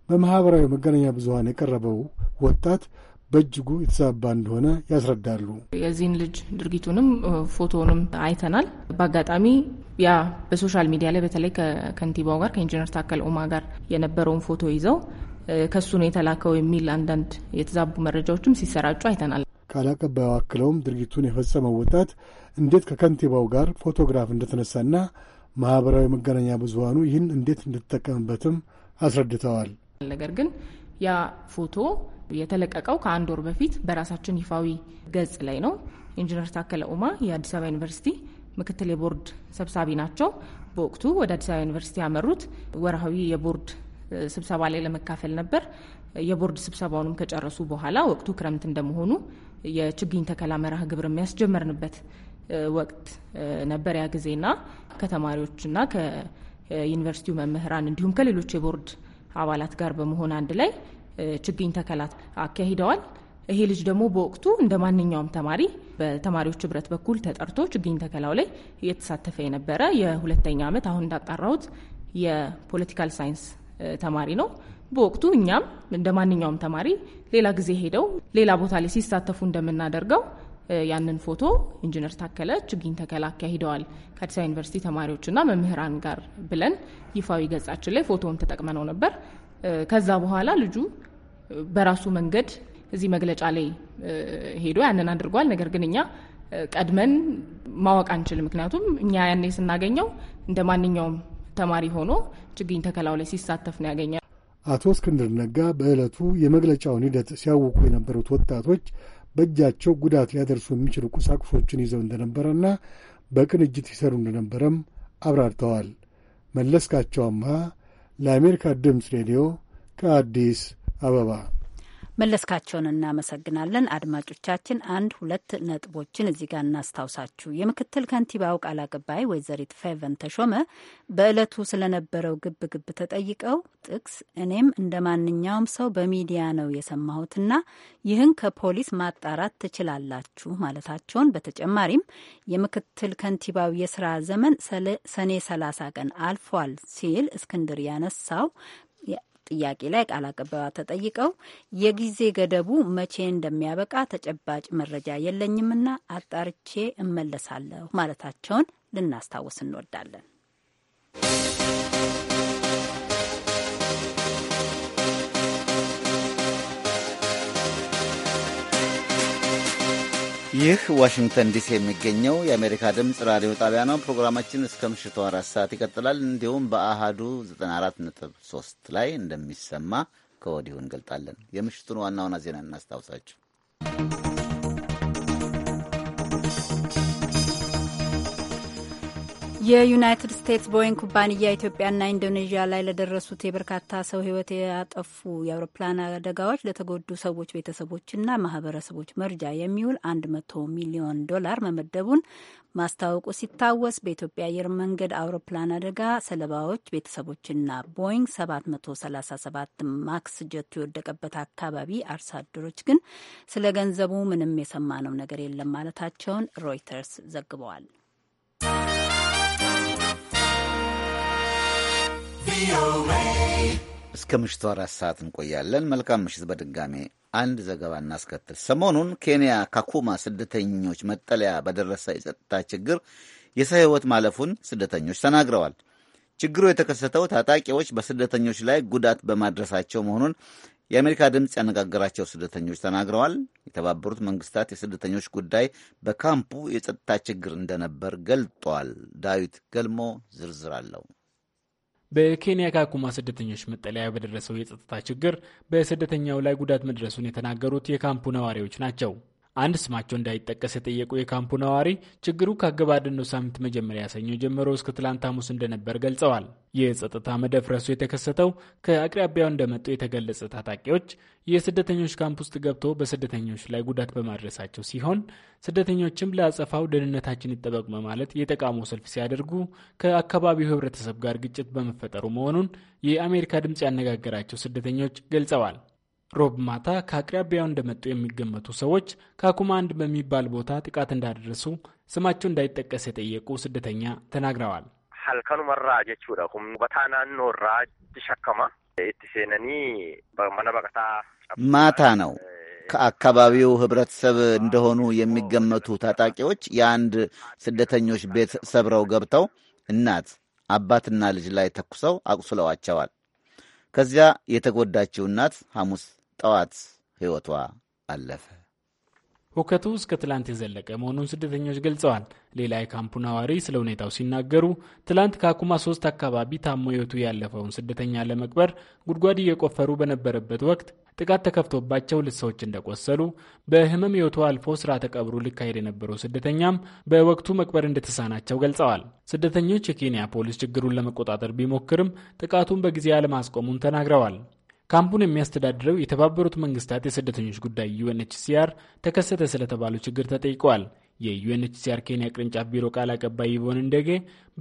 በማኅበራዊ መገናኛ ብዙሀን የቀረበው ወጣት በእጅጉ የተዛባ እንደሆነ ያስረዳሉ። የዚህን ልጅ ድርጊቱንም ፎቶንም አይተናል። በአጋጣሚ ያ በሶሻል ሚዲያ ላይ በተለይ ከከንቲባው ጋር ከኢንጂነር ታከል ኡማ ጋር የነበረውን ፎቶ ይዘው ከሱ ነው የተላከው የሚል አንዳንድ የተዛቡ መረጃዎችም ሲሰራጩ አይተናል። ቃል አቀባዩ አክለውም ድርጊቱን የፈጸመው ወጣት እንዴት ከከንቲባው ጋር ፎቶግራፍ እንደተነሳና ማህበራዊ መገናኛ ብዙሀኑ ይህን እንዴት እንደተጠቀምበትም አስረድተዋል። ነገር ግን ያ ፎቶ የተለቀቀው ከአንድ ወር በፊት በራሳችን ይፋዊ ገጽ ላይ ነው። ኢንጂነር ታከለ ኡማ የአዲስ አበባ ዩኒቨርሲቲ ምክትል የቦርድ ሰብሳቢ ናቸው። በወቅቱ ወደ አዲስ አበባ ዩኒቨርሲቲ ያመሩት ወርሃዊ የቦርድ ስብሰባ ላይ ለመካፈል ነበር። የቦርድ ስብሰባውንም ከጨረሱ በኋላ ወቅቱ ክረምት እንደመሆኑ የችግኝ ተከላ መርሃ ግብር የሚያስጀመርንበት ወቅት ነበር ያ ጊዜና ከተማሪዎችና ከዩኒቨርሲቲው መምህራን እንዲሁም ከሌሎች የቦርድ አባላት ጋር በመሆን አንድ ላይ ችግኝ ተከላት አካሂደዋል። ይሄ ልጅ ደግሞ በወቅቱ እንደ ማንኛውም ተማሪ በተማሪዎች ህብረት በኩል ተጠርቶ ችግኝ ተከላው ላይ እየተሳተፈ የነበረ የሁለተኛ ዓመት አሁን እንዳጣራሁት የፖለቲካል ሳይንስ ተማሪ ነው። በወቅቱ እኛም እንደ ማንኛውም ተማሪ ሌላ ጊዜ ሄደው ሌላ ቦታ ላይ ሲሳተፉ እንደምናደርገው ያንን ፎቶ ኢንጂነር ታከለ ችግኝ ተከላ አካሂደዋል ከአዲስ አበባ ዩኒቨርሲቲ ተማሪዎችና መምህራን ጋር ብለን ይፋዊ ገጻችን ላይ ፎቶውን ተጠቅመነው ነበር። ከዛ በኋላ ልጁ በራሱ መንገድ እዚህ መግለጫ ላይ ሄዶ ያንን አድርጓል። ነገር ግን እኛ ቀድመን ማወቅ አንችልም። ምክንያቱም እኛ ያኔ ስናገኘው እንደ ማንኛውም ተማሪ ሆኖ ችግኝ ተከላው ላይ ሲሳተፍ ነው ያገኛል። አቶ እስክንድር ነጋ በዕለቱ የመግለጫውን ሂደት ሲያውቁ የነበሩት ወጣቶች በእጃቸው ጉዳት ሊያደርሱ የሚችሉ ቁሳቁሶችን ይዘው እንደነበረና በቅንጅት ይሰሩ እንደነበረም አብራርተዋል። መለስካቸው አምሃ ለአሜሪካ ድምፅ ሬዲዮ ከአዲስ አበባ መለስካቸውን እናመሰግናለን። አድማጮቻችን አንድ ሁለት ነጥቦችን እዚህ ጋር እናስታውሳችሁ። የምክትል ከንቲባው ቃል አቀባይ ወይዘሪት ፌቨን ተሾመ በዕለቱ ስለነበረው ግብ ግብ ተጠይቀው ጥቅስ እኔም እንደ ማንኛውም ሰው በሚዲያ ነው የሰማሁትና ይህን ከፖሊስ ማጣራት ትችላላችሁ ማለታቸውን በተጨማሪም የምክትል ከንቲባው የስራ ዘመን ሰኔ 30 ቀን አልፏል ሲል እስክንድር ያነሳው ጥያቄ ላይ ቃል አቀባይዋ ተጠይቀው የጊዜ ገደቡ መቼ እንደሚያበቃ ተጨባጭ መረጃ የለኝምና አጣርቼ እመለሳለሁ ማለታቸውን ልናስታውስ እንወዳለን። ይህ ዋሽንግተን ዲሲ የሚገኘው የአሜሪካ ድምፅ ራዲዮ ጣቢያ ነው። ፕሮግራማችን እስከ ምሽቱ አራት ሰዓት ይቀጥላል። እንዲሁም በአሃዱ 94.3 ላይ እንደሚሰማ ከወዲሁ እንገልጣለን። የምሽቱን ዋና ዋና ዜና እናስታውሳችሁ። የዩናይትድ ስቴትስ ቦይንግ ኩባንያ ኢትዮጵያና ኢንዶኔዥያ ላይ ለደረሱት የበርካታ ሰው ሕይወት ያጠፉ የአውሮፕላን አደጋዎች ለተጎዱ ሰዎች ቤተሰቦችና ማህበረሰቦች መርጃ የሚውል አንድ መቶ ሚሊዮን ዶላር መመደቡን ማስታወቁ ሲታወስ በኢትዮጵያ አየር መንገድ አውሮፕላን አደጋ ሰለባዎች ቤተሰቦችና ቦይንግ 737 ማክስ ጀቱ የወደቀበት አካባቢ አርሶ አደሮች ግን ስለ ገንዘቡ ምንም የሰማነው ነገር የለም ማለታቸውን ሮይተርስ ዘግበዋል። እስከ ምሽቱ አራት ሰዓት እንቆያለን። መልካም ምሽት። በድጋሜ አንድ ዘገባ እናስከትል። ሰሞኑን ኬንያ ካኩማ ስደተኞች መጠለያ በደረሰ የጸጥታ ችግር የሰው ሕይወት ማለፉን ስደተኞች ተናግረዋል። ችግሩ የተከሰተው ታጣቂዎች በስደተኞች ላይ ጉዳት በማድረሳቸው መሆኑን የአሜሪካ ድምፅ ያነጋገራቸው ስደተኞች ተናግረዋል። የተባበሩት መንግስታት የስደተኞች ጉዳይ በካምፑ የጸጥታ ችግር እንደነበር ገልጧል። ዳዊት ገልሞ ዝርዝር አለው። በኬንያ ካኩማ ስደተኞች መጠለያ በደረሰው የጸጥታ ችግር በስደተኛው ላይ ጉዳት መድረሱን የተናገሩት የካምፑ ነዋሪዎች ናቸው። አንድ ስማቸው እንዳይጠቀስ የጠየቁ የካምፑ ነዋሪ ችግሩ ከአገባድነው ሳምንት መጀመሪያ ሰኞ ጀምሮ እስከ ትላንት ሐሙስ እንደነበር ገልጸዋል። የጸጥታ መደፍረሱ የተከሰተው ከአቅራቢያው እንደመጡ የተገለጸ ታጣቂዎች የስደተኞች ካምፕ ውስጥ ገብቶ በስደተኞች ላይ ጉዳት በማድረሳቸው ሲሆን ስደተኞችም ለአጸፋው ደህንነታችን ይጠበቅ በማለት የተቃውሞ ሰልፍ ሲያደርጉ ከአካባቢው ሕብረተሰብ ጋር ግጭት በመፈጠሩ መሆኑን የአሜሪካ ድምፅ ያነጋገራቸው ስደተኞች ገልጸዋል። ሮብ ማታ ከአቅራቢያው እንደመጡ የሚገመቱ ሰዎች ከኩማንድ በሚባል ቦታ ጥቃት እንዳደረሱ ስማቸው እንዳይጠቀስ የጠየቁ ስደተኛ ተናግረዋል። ሀልከኑመራ ጀቹ ሁበታ ሸከማ ኢትሴነኒ መነ በቀታ ማታ ነው። ከአካባቢው ህብረተሰብ እንደሆኑ የሚገመቱ ታጣቂዎች የአንድ ስደተኞች ቤት ሰብረው ገብተው እናት አባትና ልጅ ላይ ተኩሰው አቁስለዋቸዋል። ከዚያ የተጎዳችው እናት ሐሙስ ጠዋት ሕይወቷ አለፈ። ሁከቱ እስከ ትላንት የዘለቀ መሆኑን ስደተኞች ገልጸዋል። ሌላ የካምፑ ነዋሪ ስለ ሁኔታው ሲናገሩ ትላንት ከአኩማ ሶስት አካባቢ ታሞ ሕይወቱ ያለፈውን ስደተኛ ለመቅበር ጉድጓድ እየቆፈሩ በነበረበት ወቅት ጥቃት ተከፍቶባቸው ሁለት ሰዎች እንደቆሰሉ፣ በህመም ሕይወቱ አልፎ ስራ ተቀብሩ ሊካሄድ የነበረው ስደተኛም በወቅቱ መቅበር እንደተሳናቸው ገልጸዋል። ስደተኞች የኬንያ ፖሊስ ችግሩን ለመቆጣጠር ቢሞክርም ጥቃቱን በጊዜ አለማስቆሙን ተናግረዋል። ካምፑን የሚያስተዳድረው የተባበሩት መንግስታት የስደተኞች ጉዳይ ዩኤንኤችሲአር ተከሰተ ስለተባለው ችግር ተጠይቀዋል። የዩኤንኤችሲአር ኬንያ ቅርንጫፍ ቢሮ ቃል አቀባይ ይቮን እንደጌ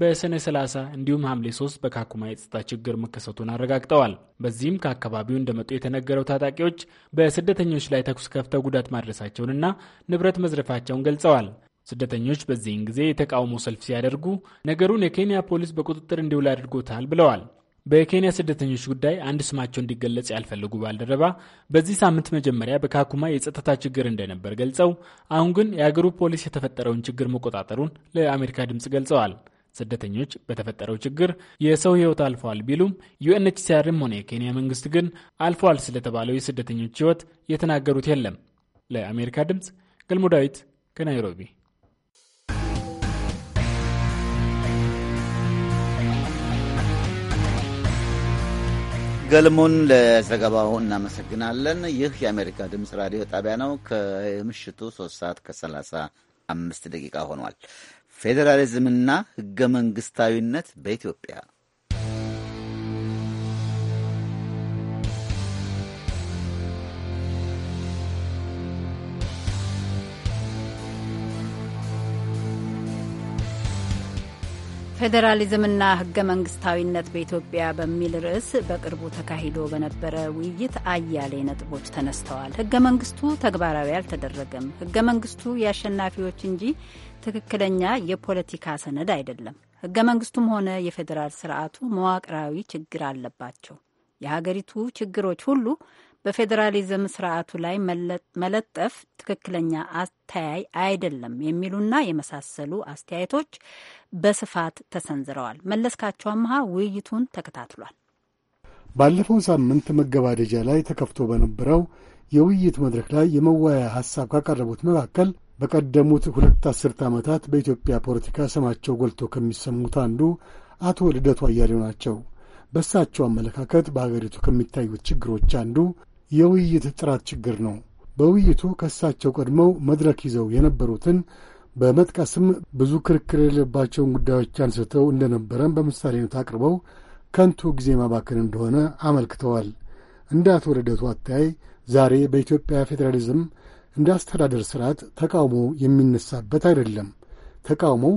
በሰኔ 30 እንዲሁም ሐምሌ 3 በካኩማ የጸጥታ ችግር መከሰቱን አረጋግጠዋል። በዚህም ከአካባቢው እንደመጡ የተነገረው ታጣቂዎች በስደተኞች ላይ ተኩስ ከፍተው ጉዳት ማድረሳቸውንና ንብረት መዝረፋቸውን ገልጸዋል። ስደተኞች በዚህን ጊዜ የተቃውሞ ሰልፍ ሲያደርጉ ነገሩን የኬንያ ፖሊስ በቁጥጥር እንዲውል አድርጎታል ብለዋል። በኬንያ ስደተኞች ጉዳይ አንድ ስማቸው እንዲገለጽ ያልፈልጉ ባልደረባ በዚህ ሳምንት መጀመሪያ በካኩማ የጸጥታ ችግር እንደነበር ገልጸው አሁን ግን የአገሩ ፖሊስ የተፈጠረውን ችግር መቆጣጠሩን ለአሜሪካ ድምፅ ገልጸዋል። ስደተኞች በተፈጠረው ችግር የሰው ሕይወት አልፈዋል ቢሉም ዩኤንኤችሲአርም ሆነ የኬንያ መንግስት ግን አልፈዋል ስለተባለው የስደተኞች ሕይወት የተናገሩት የለም። ለአሜሪካ ድምፅ ገልሞ ዳዊት ከናይሮቢ ገልሞን ለዘገባው እናመሰግናለን። ይህ የአሜሪካ ድምፅ ራዲዮ ጣቢያ ነው። ከምሽቱ 3 ሰዓት ከ35 ደቂቃ ሆኗል። ፌዴራሊዝምና ሕገ መንግስታዊነት በኢትዮጵያ ፌዴራሊዝምና ህገ መንግስታዊነት በኢትዮጵያ በሚል ርዕስ በቅርቡ ተካሂዶ በነበረ ውይይት አያሌ ነጥቦች ተነስተዋል። ህገ መንግስቱ ተግባራዊ አልተደረገም። ህገ መንግስቱ የአሸናፊዎች እንጂ ትክክለኛ የፖለቲካ ሰነድ አይደለም። ህገ መንግስቱም ሆነ የፌዴራል ስርዓቱ መዋቅራዊ ችግር አለባቸው። የሀገሪቱ ችግሮች ሁሉ በፌዴራሊዝም ስርዓቱ ላይ መለጠፍ ትክክለኛ አስተያይ አይደለም የሚሉና የመሳሰሉ አስተያየቶች በስፋት ተሰንዝረዋል። መለስካቸው አመሃ ውይይቱን ተከታትሏል። ባለፈው ሳምንት መገባደጃ ላይ ተከፍቶ በነበረው የውይይት መድረክ ላይ የመወያያ ሐሳብ ካቀረቡት መካከል በቀደሙት ሁለት አስርት ዓመታት በኢትዮጵያ ፖለቲካ ስማቸው ጎልቶ ከሚሰሙት አንዱ አቶ ልደቱ አያሌው ናቸው። በእሳቸው አመለካከት በሀገሪቱ ከሚታዩት ችግሮች አንዱ የውይይት ጥራት ችግር ነው። በውይይቱ ከእሳቸው ቀድመው መድረክ ይዘው የነበሩትን በመጥቀስም ብዙ ክርክር የሌለባቸውን ጉዳዮች አንስተው እንደነበረም በምሳሌነት አቅርበው ከንቱ ጊዜ ማባከን እንደሆነ አመልክተዋል። እንደ አቶ ልደቱ አታይ ዛሬ በኢትዮጵያ ፌዴራሊዝም እንደ አስተዳደር ስርዓት ተቃውሞ የሚነሳበት አይደለም። ተቃውሞው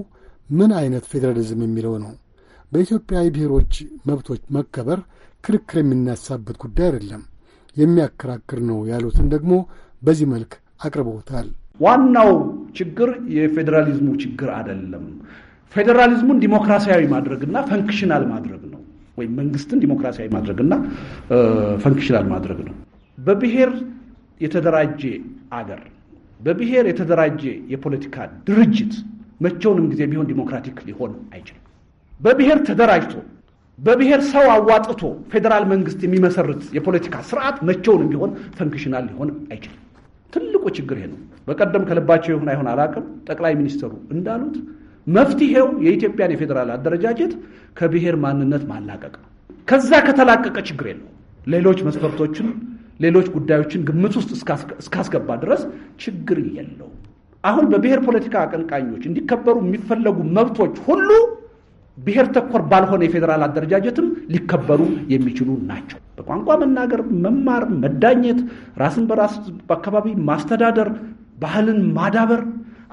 ምን አይነት ፌዴራሊዝም የሚለው ነው። በኢትዮጵያ የብሔሮች መብቶች መከበር ክርክር የሚነሳበት ጉዳይ አይደለም። የሚያከራክር ነው ያሉትን ደግሞ በዚህ መልክ አቅርበውታል። ዋናው ችግር የፌዴራሊዝሙ ችግር አይደለም። ፌዴራሊዝሙን ዲሞክራሲያዊ ማድረግና ፈንክሽናል ማድረግ ነው ወይም መንግስትን ዲሞክራሲያዊ ማድረግና ፈንክሽናል ማድረግ ነው። በብሔር የተደራጀ አገር፣ በብሔር የተደራጀ የፖለቲካ ድርጅት መቼውንም ጊዜ ቢሆን ዲሞክራቲክ ሊሆን አይችልም። በብሔር ተደራጅቶ በብሔር ሰው አዋጥቶ ፌዴራል መንግስት የሚመሰርት የፖለቲካ ስርዓት መቼውንም ቢሆን ፈንክሽናል ሊሆን አይችልም። ትልቁ ችግር ይሄ ነው። በቀደም ከልባቸው ይሁን አይሆን አላውቅም፣ ጠቅላይ ሚኒስትሩ እንዳሉት መፍትሄው የኢትዮጵያን የፌዴራል አደረጃጀት ከብሔር ማንነት ማላቀቅ ነው። ከዛ ከተላቀቀ ችግር የለውም። ሌሎች መስፈርቶችን፣ ሌሎች ጉዳዮችን ግምት ውስጥ እስካስገባ ድረስ ችግር የለውም። አሁን በብሔር ፖለቲካ አቀንቃኞች እንዲከበሩ የሚፈለጉ መብቶች ሁሉ ብሔር ተኮር ባልሆነ የፌዴራል አደረጃጀትም ሊከበሩ የሚችሉ ናቸው። በቋንቋ መናገር፣ መማር፣ መዳኘት፣ ራስን በራስ በአካባቢ ማስተዳደር፣ ባህልን ማዳበር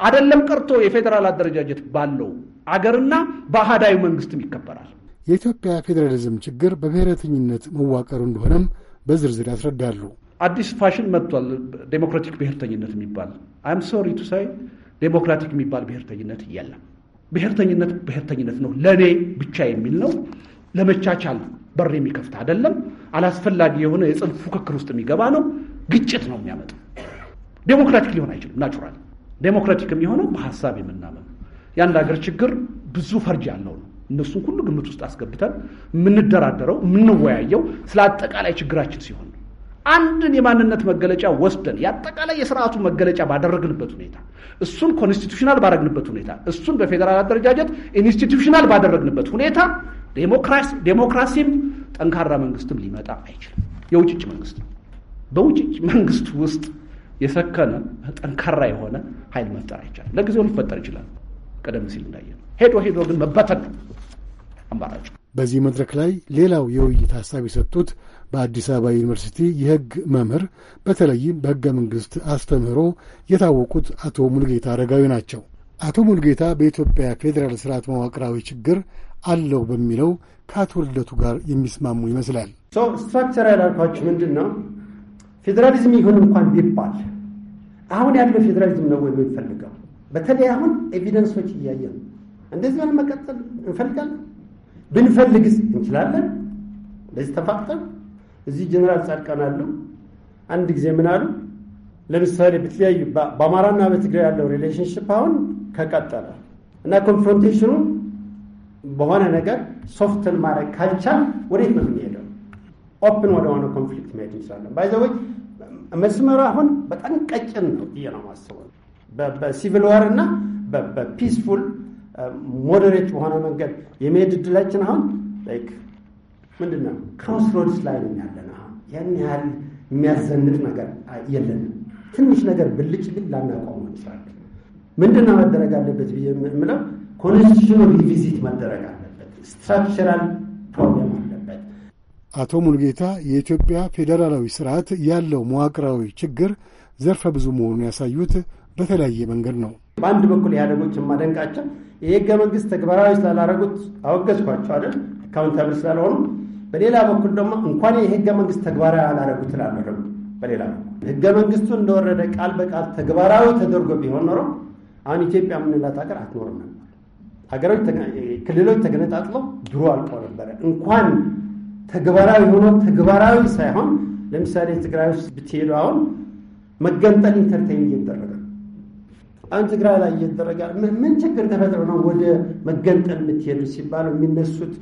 አደለም ቀርቶ የፌዴራል አደረጃጀት ባለው አገርና በአህዳዊ መንግስትም ይከበራል። የኢትዮጵያ ፌዴራሊዝም ችግር በብሔረተኝነት መዋቀሩ እንደሆነም በዝርዝር ያስረዳሉ። አዲስ ፋሽን መጥቷል። ዴሞክራቲክ ብሔርተኝነት የሚባል አይም ሶሪ ቱ ሳይ ዴሞክራቲክ የሚባል ብሔርተኝነት የለም። ብሔርተኝነት ብሔርተኝነት ነው ለእኔ ብቻ የሚል ነው። ለመቻቻል በር የሚከፍት አይደለም። አላስፈላጊ የሆነ የጽንፍ ፉክክር ውስጥ የሚገባ ነው። ግጭት ነው የሚያመጣው። ዴሞክራቲክ ሊሆን አይችልም። ናቹራል ዴሞክራቲክ የሚሆነው በሀሳብ የምናመን የአንድ ሀገር ችግር ብዙ ፈርጅ ያለው ነው። እነሱን ሁሉ ግምት ውስጥ አስገብተን የምንደራደረው የምንወያየው ስለ አጠቃላይ ችግራችን ሲሆን አንድን የማንነት መገለጫ ወስደን የአጠቃላይ የስርዓቱ መገለጫ ባደረግንበት ሁኔታ እሱን ኮንስቲቱሽናል ባደረግንበት ሁኔታ እሱን በፌዴራል አደረጃጀት ኢንስቲቱሽናል ባደረግንበት ሁኔታ ዴሞክራሲም ጠንካራ መንግስትም ሊመጣ አይችልም። የውጭጭ መንግስት በውጭጭ መንግስት ውስጥ የሰከነ ጠንካራ የሆነ ኃይል መፍጠር አይቻልም። ለጊዜው ሊፈጠር ይችላል፣ ቀደም ሲል እንዳየ ሄዶ ሄዶ ግን መበተን ነው አማራጭ። በዚህ መድረክ ላይ ሌላው የውይይት ሀሳብ የሰጡት በአዲስ አበባ ዩኒቨርሲቲ የሕግ መምህር በተለይም በሕገ መንግሥት አስተምህሮ የታወቁት አቶ ሙልጌታ አረጋዊ ናቸው። አቶ ሙልጌታ በኢትዮጵያ ፌዴራል ስርዓት መዋቅራዊ ችግር አለው በሚለው ከአቶ ልደቱ ጋር የሚስማሙ ይመስላል። ስትራክቸር ያላልኳችሁ ምንድን ነው? ፌዴራሊዝም ይሁን እንኳን ቢባል አሁን ያለው ፌዴራሊዝም ነው ወይ የሚፈልገው? በተለይ አሁን ኤቪደንሶች እያየ ነው። እንደዚህ ሆነ መቀጠል እንፈልጋለን። ብንፈልግስ እንችላለን? እንደዚህ ተፋቅጠን እዚህ ጀነራል ጻድቃን አሉ። አንድ ጊዜ ምን አሉ? ለምሳሌ በተለያዩ በአማራና በትግራይ ያለው ሪሌሽንሽፕ አሁን ከቀጠለ እና ኮንፍሮንቴሽኑ በሆነ ነገር ሶፍትን ማድረግ ካልቻል ወዴት ነው የምንሄደው? ኦፕን ወደሆነ ኮንፍሊክት መሄድ እንችላለን። ባይዘወይ መስመሩ አሁን በጣም ቀጭን ነው ብዬ ነው በሲቪል ዋር እና በፒስፉል ሞደሬት በሆነ መንገድ የመሄድ እድላችን አሁን ምንድን ነው ክሮስ ሮድስ ላይ ነው ያለን። ያን ያህል የሚያዘንጥ ነገር የለንም። ትንሽ ነገር ብልጭ ግን ላናቋሙ እንችላለን። ምንድን ነው መደረግ አለበት ብዬ የምለው ኮንስቲቱሽን ሪቪዚት መደረግ አለበት። ስትራክቸራል ፕሮብለም አለበት። አቶ ሙልጌታ የኢትዮጵያ ፌዴራላዊ ስርዓት ያለው መዋቅራዊ ችግር ዘርፈ ብዙ መሆኑን ያሳዩት በተለያየ መንገድ ነው። በአንድ በኩል ኢህአዴጎች የማደንቃቸው የህገ መንግስት ተግባራዊ ስላላረጉት አወገዝኳቸው አይደል? አካውንታብል ስላልሆኑ። በሌላ በኩል ደግሞ እንኳን የህገ መንግስት ተግባራዊ አላረጉት ስላልሆኑ በሌላ ህገ መንግስቱ እንደወረደ ቃል በቃል ተግባራዊ ተደርጎ ቢሆን ኖሮ አሁን ኢትዮጵያ የምንላት ሀገር አትኖርም ነበር። ሀገሮች ክልሎች ተገነጣጥለው ድሮ አልቆ ነበረ። እንኳን ተግባራዊ ሆኖ ተግባራዊ ሳይሆን ለምሳሌ ትግራይ ውስጥ ብትሄዱ አሁን መገንጠል ኢንተርቴን እየተደረገ አሁን ትግራይ ላይ እየተደረገ ምን ችግር ተፈጥሮ ነው ወደ መገንጠል የምትሄዱ ሲባሉ የሚነሱት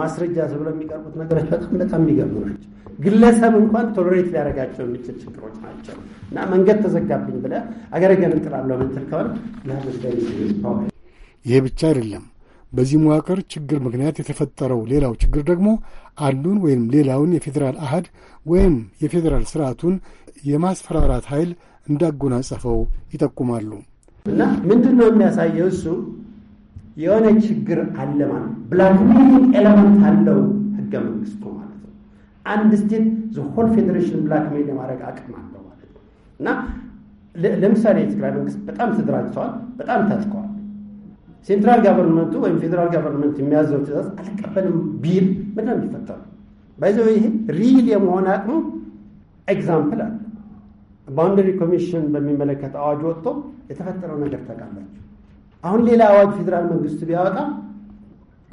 ማስረጃ ተብሎ የሚቀርቡት ነገሮች በጣም በጣም የሚገርሙ ናቸው። ግለሰብ እንኳን ቶሎሬት ሊያደርጋቸው የሚችል ችግሮች ናቸው እና መንገድ ተዘጋብኝ ብለህ አገረ ገንጥላለሁ ምትል ከሆነ ይሄ ብቻ አይደለም። በዚህ መዋቅር ችግር ምክንያት የተፈጠረው ሌላው ችግር ደግሞ አሉን ወይም ሌላውን የፌዴራል አህድ ወይም የፌዴራል ስርዓቱን የማስፈራራት ኃይል እንዳጎናጸፈው ይጠቁማሉ። እና ምንድን ነው የሚያሳየው እሱ የሆነ ችግር አለ ማለት ብላክሜሊንግ ኤለመንት አለው ህገ መንግስቱ ማለት ነው። አንድ ስቴት ዘሆል ፌዴሬሽን ብላክሜል የማድረግ አቅም አለው ማለት ነው እና ለምሳሌ የትግራይ መንግስት በጣም ተደራጅተዋል፣ በጣም ታጥቀዋል። ሴንትራል ጋቨርንመንቱ ወይም ፌዴራል ጋቨርንመንት የሚያዘው ትእዛዝ አልቀበልም ቢል ምንድነው የሚፈጠሩ? ባይዘ ይህ ሪል የመሆን አቅሙ ኤግዛምፕል አለ ባውንደሪ ኮሚሽን በሚመለከት አዋጅ ወጥቶ የተፈጠረው ነገር ታውቃላችሁ። አሁን ሌላ አዋጅ ፌዴራል መንግስቱ ቢያወጣ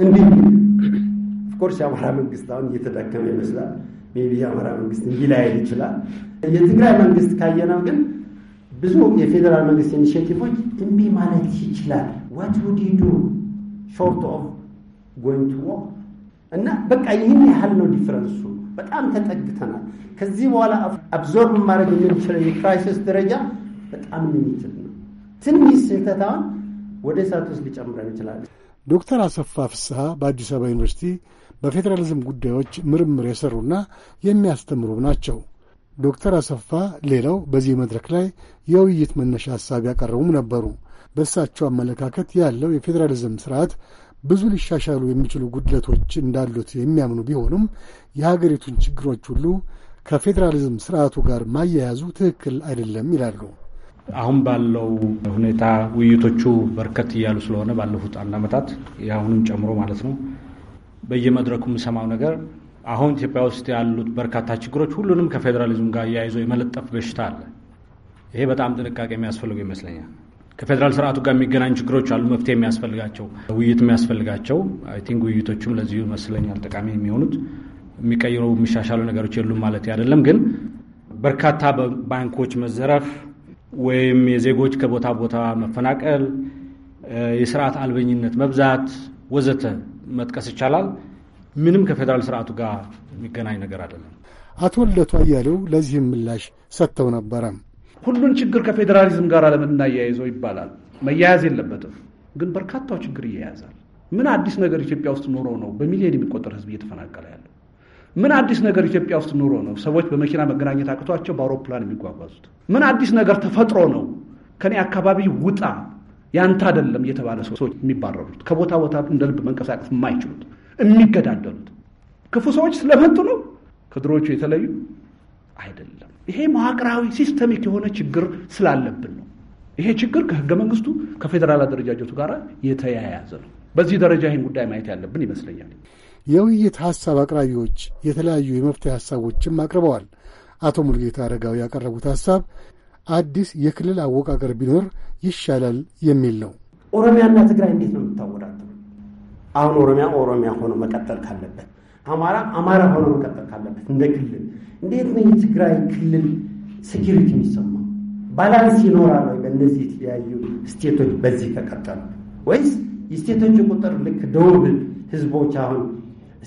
እንዲህ ኦፍኮርስ የአማራ መንግስት አሁን እየተዳከመ ይመስላል። ሜቢ የአማራ መንግስት እንዲህ ላይል ይችላል። የትግራይ መንግስት ካየነው ግን ብዙ የፌዴራል መንግስት ኢኒሽቲቮች እምቢ ማለት ይችላል። ዋት ውድ ዩ ዱ ሾርት ኦፍ ጎይንግ ቱ ዎር እና በቃ ይህን ያህል ነው ዲፍረንሱ። በጣም ተጠግተናል። ከዚህ በኋላ አብዞርብ ማድረግ የምንችለው የክራይሲስ ደረጃ በጣም ሊሚትድ ነው። ትንሽ ስህተታውን ወደ እሳት ውስጥ ሊጨምረን ይችላል። ዶክተር አሰፋ ፍስሐ በአዲስ አበባ ዩኒቨርሲቲ በፌዴራሊዝም ጉዳዮች ምርምር የሰሩና የሚያስተምሩ ናቸው። ዶክተር አሰፋ ሌላው በዚህ መድረክ ላይ የውይይት መነሻ ሀሳብ ያቀረቡም ነበሩ። በእሳቸው አመለካከት ያለው የፌዴራሊዝም ስርዓት ብዙ ሊሻሻሉ የሚችሉ ጉድለቶች እንዳሉት የሚያምኑ ቢሆኑም የሀገሪቱን ችግሮች ሁሉ ከፌዴራሊዝም ስርዓቱ ጋር ማያያዙ ትክክል አይደለም ይላሉ። አሁን ባለው ሁኔታ ውይይቶቹ በርከት እያሉ ስለሆነ ባለፉት አንድ ዓመታት የአሁኑም ጨምሮ ማለት ነው በየመድረኩ የምሰማው ነገር አሁን ኢትዮጵያ ውስጥ ያሉት በርካታ ችግሮች ሁሉንም ከፌዴራሊዝም ጋር እያይዞ የመለጠፍ በሽታ አለ። ይሄ በጣም ጥንቃቄ የሚያስፈልገው ይመስለኛል። ከፌዴራል ስርዓቱ ጋር የሚገናኙ ችግሮች አሉ፣ መፍትሄ የሚያስፈልጋቸው ውይይት የሚያስፈልጋቸው አይ ቲንክ ውይይቶቹም ለዚሁ ይመስለኛል ጠቃሚ የሚሆኑት። የሚቀይሩ የሚሻሻሉ ነገሮች የሉም ማለት አይደለም፣ ግን በርካታ ባንኮች መዘረፍ ወይም የዜጎች ከቦታ ቦታ መፈናቀል፣ የስርዓት አልበኝነት መብዛት ወዘተ መጥቀስ ይቻላል። ምንም ከፌዴራል ስርዓቱ ጋር የሚገናኝ ነገር አይደለም። አቶ ልደቱ አያሌው ለዚህም ምላሽ ሰጥተው ነበረ። ሁሉን ችግር ከፌዴራሊዝም ጋር ለምን እናያይዘው ይባላል። መያያዝ የለበትም ግን በርካታው ችግር ይያያዛል። ምን አዲስ ነገር ኢትዮጵያ ውስጥ ኖሮ ነው በሚሊዮን የሚቆጠር ህዝብ እየተፈናቀለ ያለው? ምን አዲስ ነገር ኢትዮጵያ ውስጥ ኖሮ ነው ሰዎች በመኪና መገናኘት አቅቷቸው በአውሮፕላን የሚጓጓዙት? ምን አዲስ ነገር ተፈጥሮ ነው ከኔ አካባቢ ውጣ ያንተ አይደለም እየተባለ ሰዎች የሚባረሩት ከቦታ ቦታ እንደ ልብ መንቀሳቀስ የማይችሉት የሚገዳደሉት ክፉ ሰዎች ስለመጡ ነው? ከድሮቹ የተለዩ አይደለም። ይሄ መዋቅራዊ ሲስተሚክ የሆነ ችግር ስላለብን ነው። ይሄ ችግር ከህገ መንግስቱ ከፌዴራል አደረጃጀቱ ጋር የተያያዘ ነው። በዚህ ደረጃ ይህን ጉዳይ ማየት ያለብን ይመስለኛል። የውይይት ሀሳብ አቅራቢዎች የተለያዩ የመፍትሄ ሀሳቦችም አቅርበዋል። አቶ ሙልጌታ አረጋዊ ያቀረቡት ሀሳብ አዲስ የክልል አወቃቀር ቢኖር ይሻላል የሚል ነው። ኦሮሚያና ትግራይ እንዴት ነው የምታወዳደሩ? አሁን ኦሮሚያ ኦሮሚያ ሆኖ መቀጠል ካለበት፣ አማራ አማራ ሆኖ መቀጠል ካለበት እንደ ክልል እንዴት ነው የትግራይ ክልል ሴኪሪቲ የሚሰማው? ባላንስ ይኖራል ወይ በእነዚህ የተለያዩ ስቴቶች በዚህ ከቀጠሉ? ወይስ የስቴቶች ቁጥር ልክ ደቡብ ህዝቦች አሁን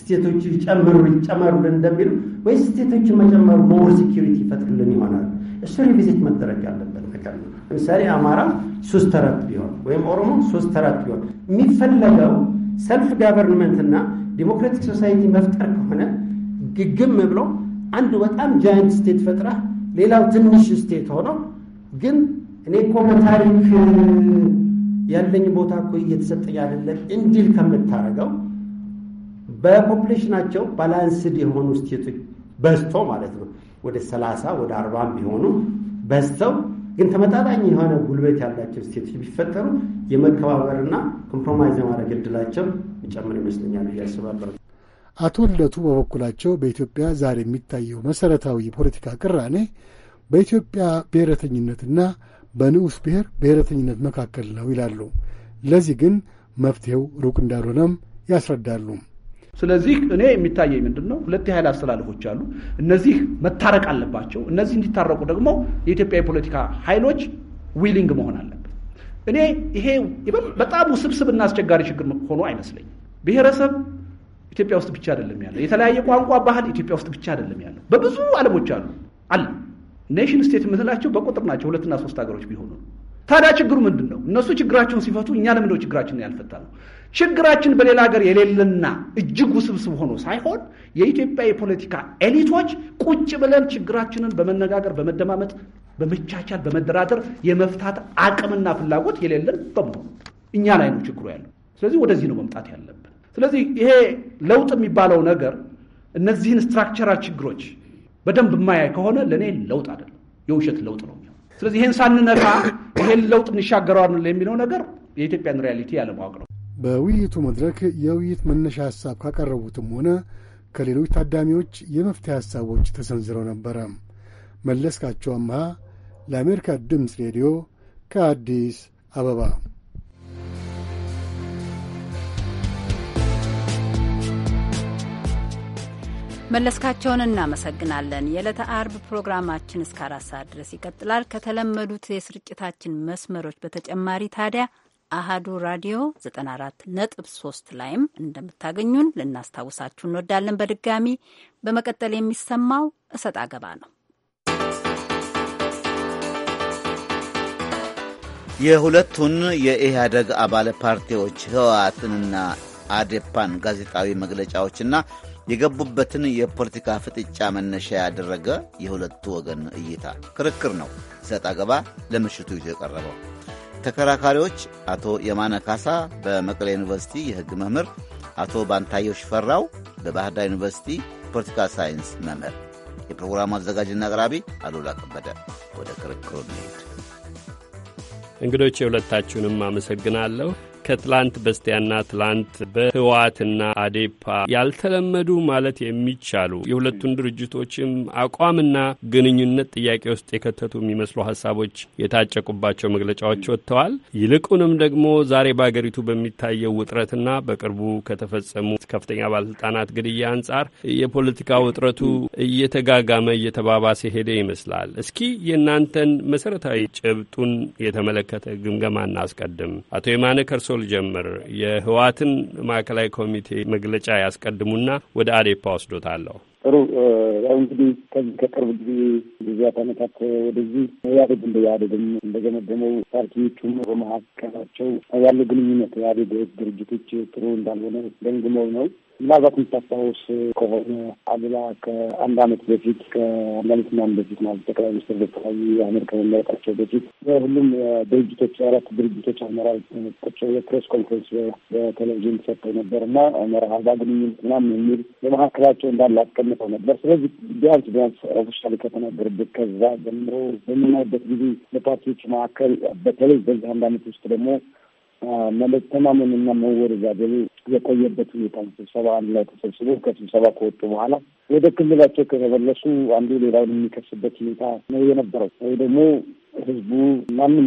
ስቴቶቹ ይጨምሩ ይጨመሩልን እንደሚሉ ወይስ ስቴቶቹ መጨመሩ ሞር ሴኪሪቲ ይፈጥርልን ይሆናል? እሱ ሪቪዚት መደረግ ያለበት ነገር ነው። ለምሳሌ አማራ ሶስት ተረት ቢሆን ወይም ኦሮሞ ሶስት ተረት ቢሆን የሚፈለገው ሰልፍ ጋቨርንመንትና ዲሞክራቲክ ሶሳይቲ መፍጠር ከሆነ ግግም ብሎ አንዱ በጣም ጃይንት ስቴት ፈጥራ ሌላው ትንሽ ስቴት ሆኖ ግን እኔ እኮ በታሪክ ያለኝ ቦታ እኮ እየተሰጠኝ አይደለም እንዲል ከምታደርገው በፖፕሌሽናቸው ባላንስድ የሆኑ ስቴቶች በዝቶ ማለት ነው ወደ ሰላሳ ወደ አርባም ቢሆኑ በዝተው ግን ተመጣጣኝ የሆነ ጉልበት ያላቸው ስቴቶች ቢፈጠሩ የመከባበርና ኮምፕሮማይዝ የማድረግ እድላቸው ይጨምር ይመስለኛል ብዬ አቶ ልደቱ በበኩላቸው በኢትዮጵያ ዛሬ የሚታየው መሠረታዊ የፖለቲካ ቅራኔ በኢትዮጵያ ብሔረተኝነትና በንዑስ ብሔር ብሔረተኝነት መካከል ነው ይላሉ። ለዚህ ግን መፍትሄው ሩቅ እንዳልሆነም ያስረዳሉ። ስለዚህ እኔ የሚታየኝ ምንድን ነው? ሁለት የኃይል አስተላለፎች አሉ። እነዚህ መታረቅ አለባቸው። እነዚህ እንዲታረቁ ደግሞ የኢትዮጵያ የፖለቲካ ኃይሎች ዊሊንግ መሆን አለበት። እኔ ይሄ በጣም ውስብስብና አስቸጋሪ ችግር ሆኖ አይመስለኝም። ብሔረሰብ ኢትዮጵያ ውስጥ ብቻ አይደለም ያለው። የተለያየ ቋንቋ፣ ባህል ኢትዮጵያ ውስጥ ብቻ አይደለም ያለው። በብዙ ዓለሞች አሉ አለ ኔሽን ስቴት የምትላቸው በቁጥር ናቸው ሁለትና ሶስት ሀገሮች ቢሆኑ። ታዲያ ችግሩ ምንድን ነው? እነሱ ችግራቸውን ሲፈቱ እኛ ለምንድነው ችግራችንን ያልፈታ ነው? ችግራችን በሌላ ሀገር የሌለና እጅግ ውስብስብ ሆኖ ሳይሆን የኢትዮጵያ የፖለቲካ ኤሊቶች ቁጭ ብለን ችግራችንን በመነጋገር በመደማመጥ፣ በመቻቻል፣ በመደራደር የመፍታት አቅምና ፍላጎት የሌለን በመሆኑ እኛ ላይ ነው ችግሩ ያለው። ስለዚህ ወደዚህ ነው መምጣት ያለብን። ስለዚህ ይሄ ለውጥ የሚባለው ነገር እነዚህን ስትራክቸራል ችግሮች በደንብ የማያይ ከሆነ ለእኔ ለውጥ አይደለም፣ የውሸት ለውጥ ነው። ስለዚህ ይህን ሳንነካ ይሄን ለውጥ እንሻገረዋል የሚለው ነገር የኢትዮጵያን ሪያሊቲ ያለማወቅ ነው። በውይይቱ መድረክ የውይይት መነሻ ሀሳብ ካቀረቡትም ሆነ ከሌሎች ታዳሚዎች የመፍትሄ ሀሳቦች ተሰንዝረው ነበረ። መለስካቸው አምሃ ለአሜሪካ ድምፅ ሬዲዮ ከአዲስ አበባ መለስካቸውን እናመሰግናለን። የዕለተ አርብ ፕሮግራማችን እስከ አራት ሰዓት ድረስ ይቀጥላል። ከተለመዱት የስርጭታችን መስመሮች በተጨማሪ ታዲያ አሃዱ ራዲዮ 94ነ 3 ላይም እንደምታገኙን ልናስታውሳችሁ እንወዳለን። በድጋሚ በመቀጠል የሚሰማው እሰጥ አገባ ነው። የሁለቱን የኢህአደግ አባል ፓርቲዎች ህወሓትንና አዴፓን ጋዜጣዊ መግለጫዎችና የገቡበትን የፖለቲካ ፍጥጫ መነሻ ያደረገ የሁለቱ ወገን እይታ ክርክር ነው ሰጥ አገባ ለምሽቱ ይዞ የቀረበው። ተከራካሪዎች አቶ የማነ ካሳ በመቀሌ ዩኒቨርሲቲ የሕግ መምህር፣ አቶ ባንታየው ሽፈራው በባህር ዳር ዩኒቨርሲቲ ፖለቲካ ሳይንስ መምህር። የፕሮግራሙ አዘጋጅና አቅራቢ አሉላ ከበደ። ወደ ክርክሩ እንሄድ። እንግዶች የሁለታችሁንም አመሰግናለሁ። ከትላንት በስቲያና ትላንት በህወሓትና አዴፓ ያልተለመዱ ማለት የሚቻሉ የሁለቱን ድርጅቶችም አቋምና ግንኙነት ጥያቄ ውስጥ የከተቱ የሚመስሉ ሀሳቦች የታጨቁባቸው መግለጫዎች ወጥተዋል። ይልቁንም ደግሞ ዛሬ በአገሪቱ በሚታየው ውጥረትና በቅርቡ ከተፈጸሙ ከፍተኛ ባለስልጣናት ግድያ አንጻር የፖለቲካ ውጥረቱ እየተጋጋመ እየተባባሰ ሄደ ይመስላል። እስኪ የእናንተን መሰረታዊ ጭብጡን የተመለከተ ግምገማ እናስቀድም። አቶ የማነ ከርሶ ልጀምር። የህወሓትን ማዕከላዊ ኮሚቴ መግለጫ ያስቀድሙና ወደ አዴፓ ወስዶታለሁ። ጥሩ ያው እንግዲህ ከዚህ ከቅርብ ጊዜ ጊዜያት ዓመታት ወደዚህ ኢህአዴግ እንደ ኢህአዴግም እንደገመደመው ፓርቲዎቹም በመካከላቸው ያለው ግንኙነት ኢህአዴግ ድርጅቶች ጥሩ እንዳልሆነ ገምግመው ነው ምናልባት የምታስታውስ ከሆነ አሉላ ከአንድ አመት በፊት ከአንድ አመት ምናምን በፊት ማለት ጠቅላይ ሚኒስትር ዶክተር አብይ አህመድ ከመመረጣቸው በፊት ሁሉም ድርጅቶች አራት ድርጅቶች አመራር ቁጭ የፕሬስ ኮንፈረንስ በቴሌቪዥን ሰጠው ነበር እና መርህ አልባ ግንኙነት ምናምን የሚል በመካከላቸው እንዳለ አስቀምጠው ነበር። ስለዚህ ቢያንስ ቢያንስ ኦፊሻል ከተናገርበት ከዛ ጀምሮ በምናይበት ጊዜ በፓርቲዎች መካከል በተለይ በዚህ አንድ አመት ውስጥ ደግሞ መተማመንና መወደዛደሩ የቆየበት ሁኔታ ስብሰባ አንድ ላይ ተሰብስቦ ከስብሰባ ከወጡ በኋላ ወደ ክልላቸው ከተመለሱ አንዱ ሌላውን የሚከስበት ሁኔታ ነው የነበረው። ወይ ደግሞ ህዝቡ ማንም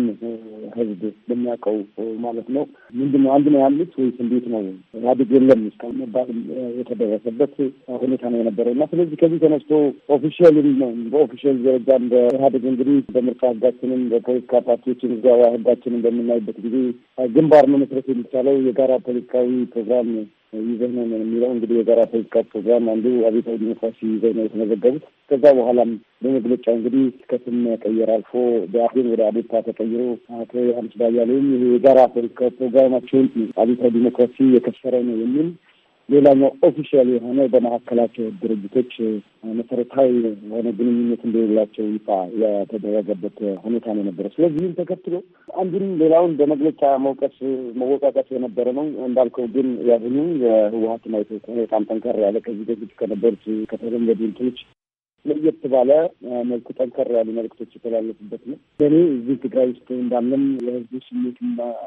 ህዝብ በሚያውቀው ማለት ነው ምንድን ነው አንድ ነው ያሉት ወይስ እንዴት ነው ኢህአዴግ የለም መባል የተደረሰበት ሁኔታ ነው የነበረው እና ስለዚህ ከዚህ ተነስቶ ኦፊሻልም በኦፊሻል ደረጃ እንደ ኢህአዴግ እንግዲህ በምርጫ ህጋችንም በፖለቲካ ፓርቲዎችን ምዝገባ ህጋችንም በምናይበት ጊዜ ግንባር መመስረት የሚቻለው የጋራ ፖለቲካዊ ፕሮግራም ይዘህ ነው የሚለው እንግዲህ የጋራ ፖለቲካ ፕሮግራም አንዱ አብዮታዊ ዲሞክራሲ ይዘህ ነው የተመዘገቡት። ከዛ በኋላም በመግለጫ እንግዲህ ከስም ቀየር አልፎ በአዴን ወደ አዴፓ ተቀይሮ አቶ ዮሐንስ ባያሌውም የጋራ ፖለቲካ ፕሮግራማቸውን አብዮታዊ ዲሞክራሲ የከሰረ ነው የሚል ሌላኛው ኦፊሻል የሆነ በመካከላቸው ድርጅቶች መሰረታዊ የሆነ ግንኙነት እንደሌላቸው ይፋ የተደረገበት ሁኔታ ነው የነበረ። ስለዚህ ይህን ተከትሎ አንዱን ሌላውን በመግለጫ መውቀስ መወቃቀስ የነበረ ነው። እንዳልከው ግን ያሁኑ የህወሀትና ኢትዮጵያ በጣም ጠንከር ያለ ከዚህ በፊት ከነበሩት ከተለመዱ እንትኖች ለየት ባለ መልኩ ጠንከር ያሉ መልክቶች የተላለፉበት ነው። ለእኔ እዚህ ትግራይ ውስጥ እንዳለም የህዝቡ ስሜት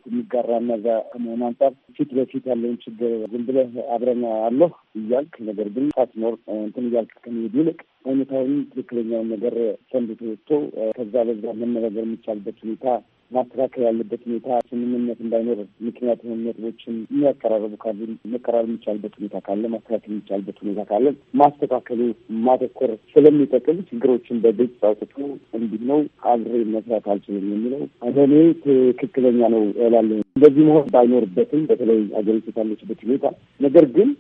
የሚጋራ ነዛ ከመሆን አንጻር ፊት በፊት ያለውን ችግር ዝም ብለህ አብረን አለሁ እያልክ ነገር ግን ሳትኖር እንትን እያልክ ከመሄድ ይልቅ እውነታውን ትክክለኛውን ነገር ሰንድቶ ወጥቶ ከዛ በዛ መነጋገር የሚቻልበት ሁኔታ ማስተካከል ያለበት ሁኔታ ስምምነት እንዳይኖር ምክንያት የሆኑ ነጥቦችን የሚያቀራረቡ ካሉ መቀራረብ የሚቻልበት ሁኔታ ካለ ማስተካከል የሚቻልበት ሁኔታ ካለ ማስተካከሉ ማተኮር ስለሚጠቅም ችግሮችን በግልጽ አውጥቶ እንዲህ ነው አብሬ መስራት አልችልም የሚለው ለእኔ ትክክለኛ ነው እላለሁ። እንደዚህ መሆን ባይኖርበትም በተለይ አገሪቱ ካለችበት ሁኔታ ነገር ግን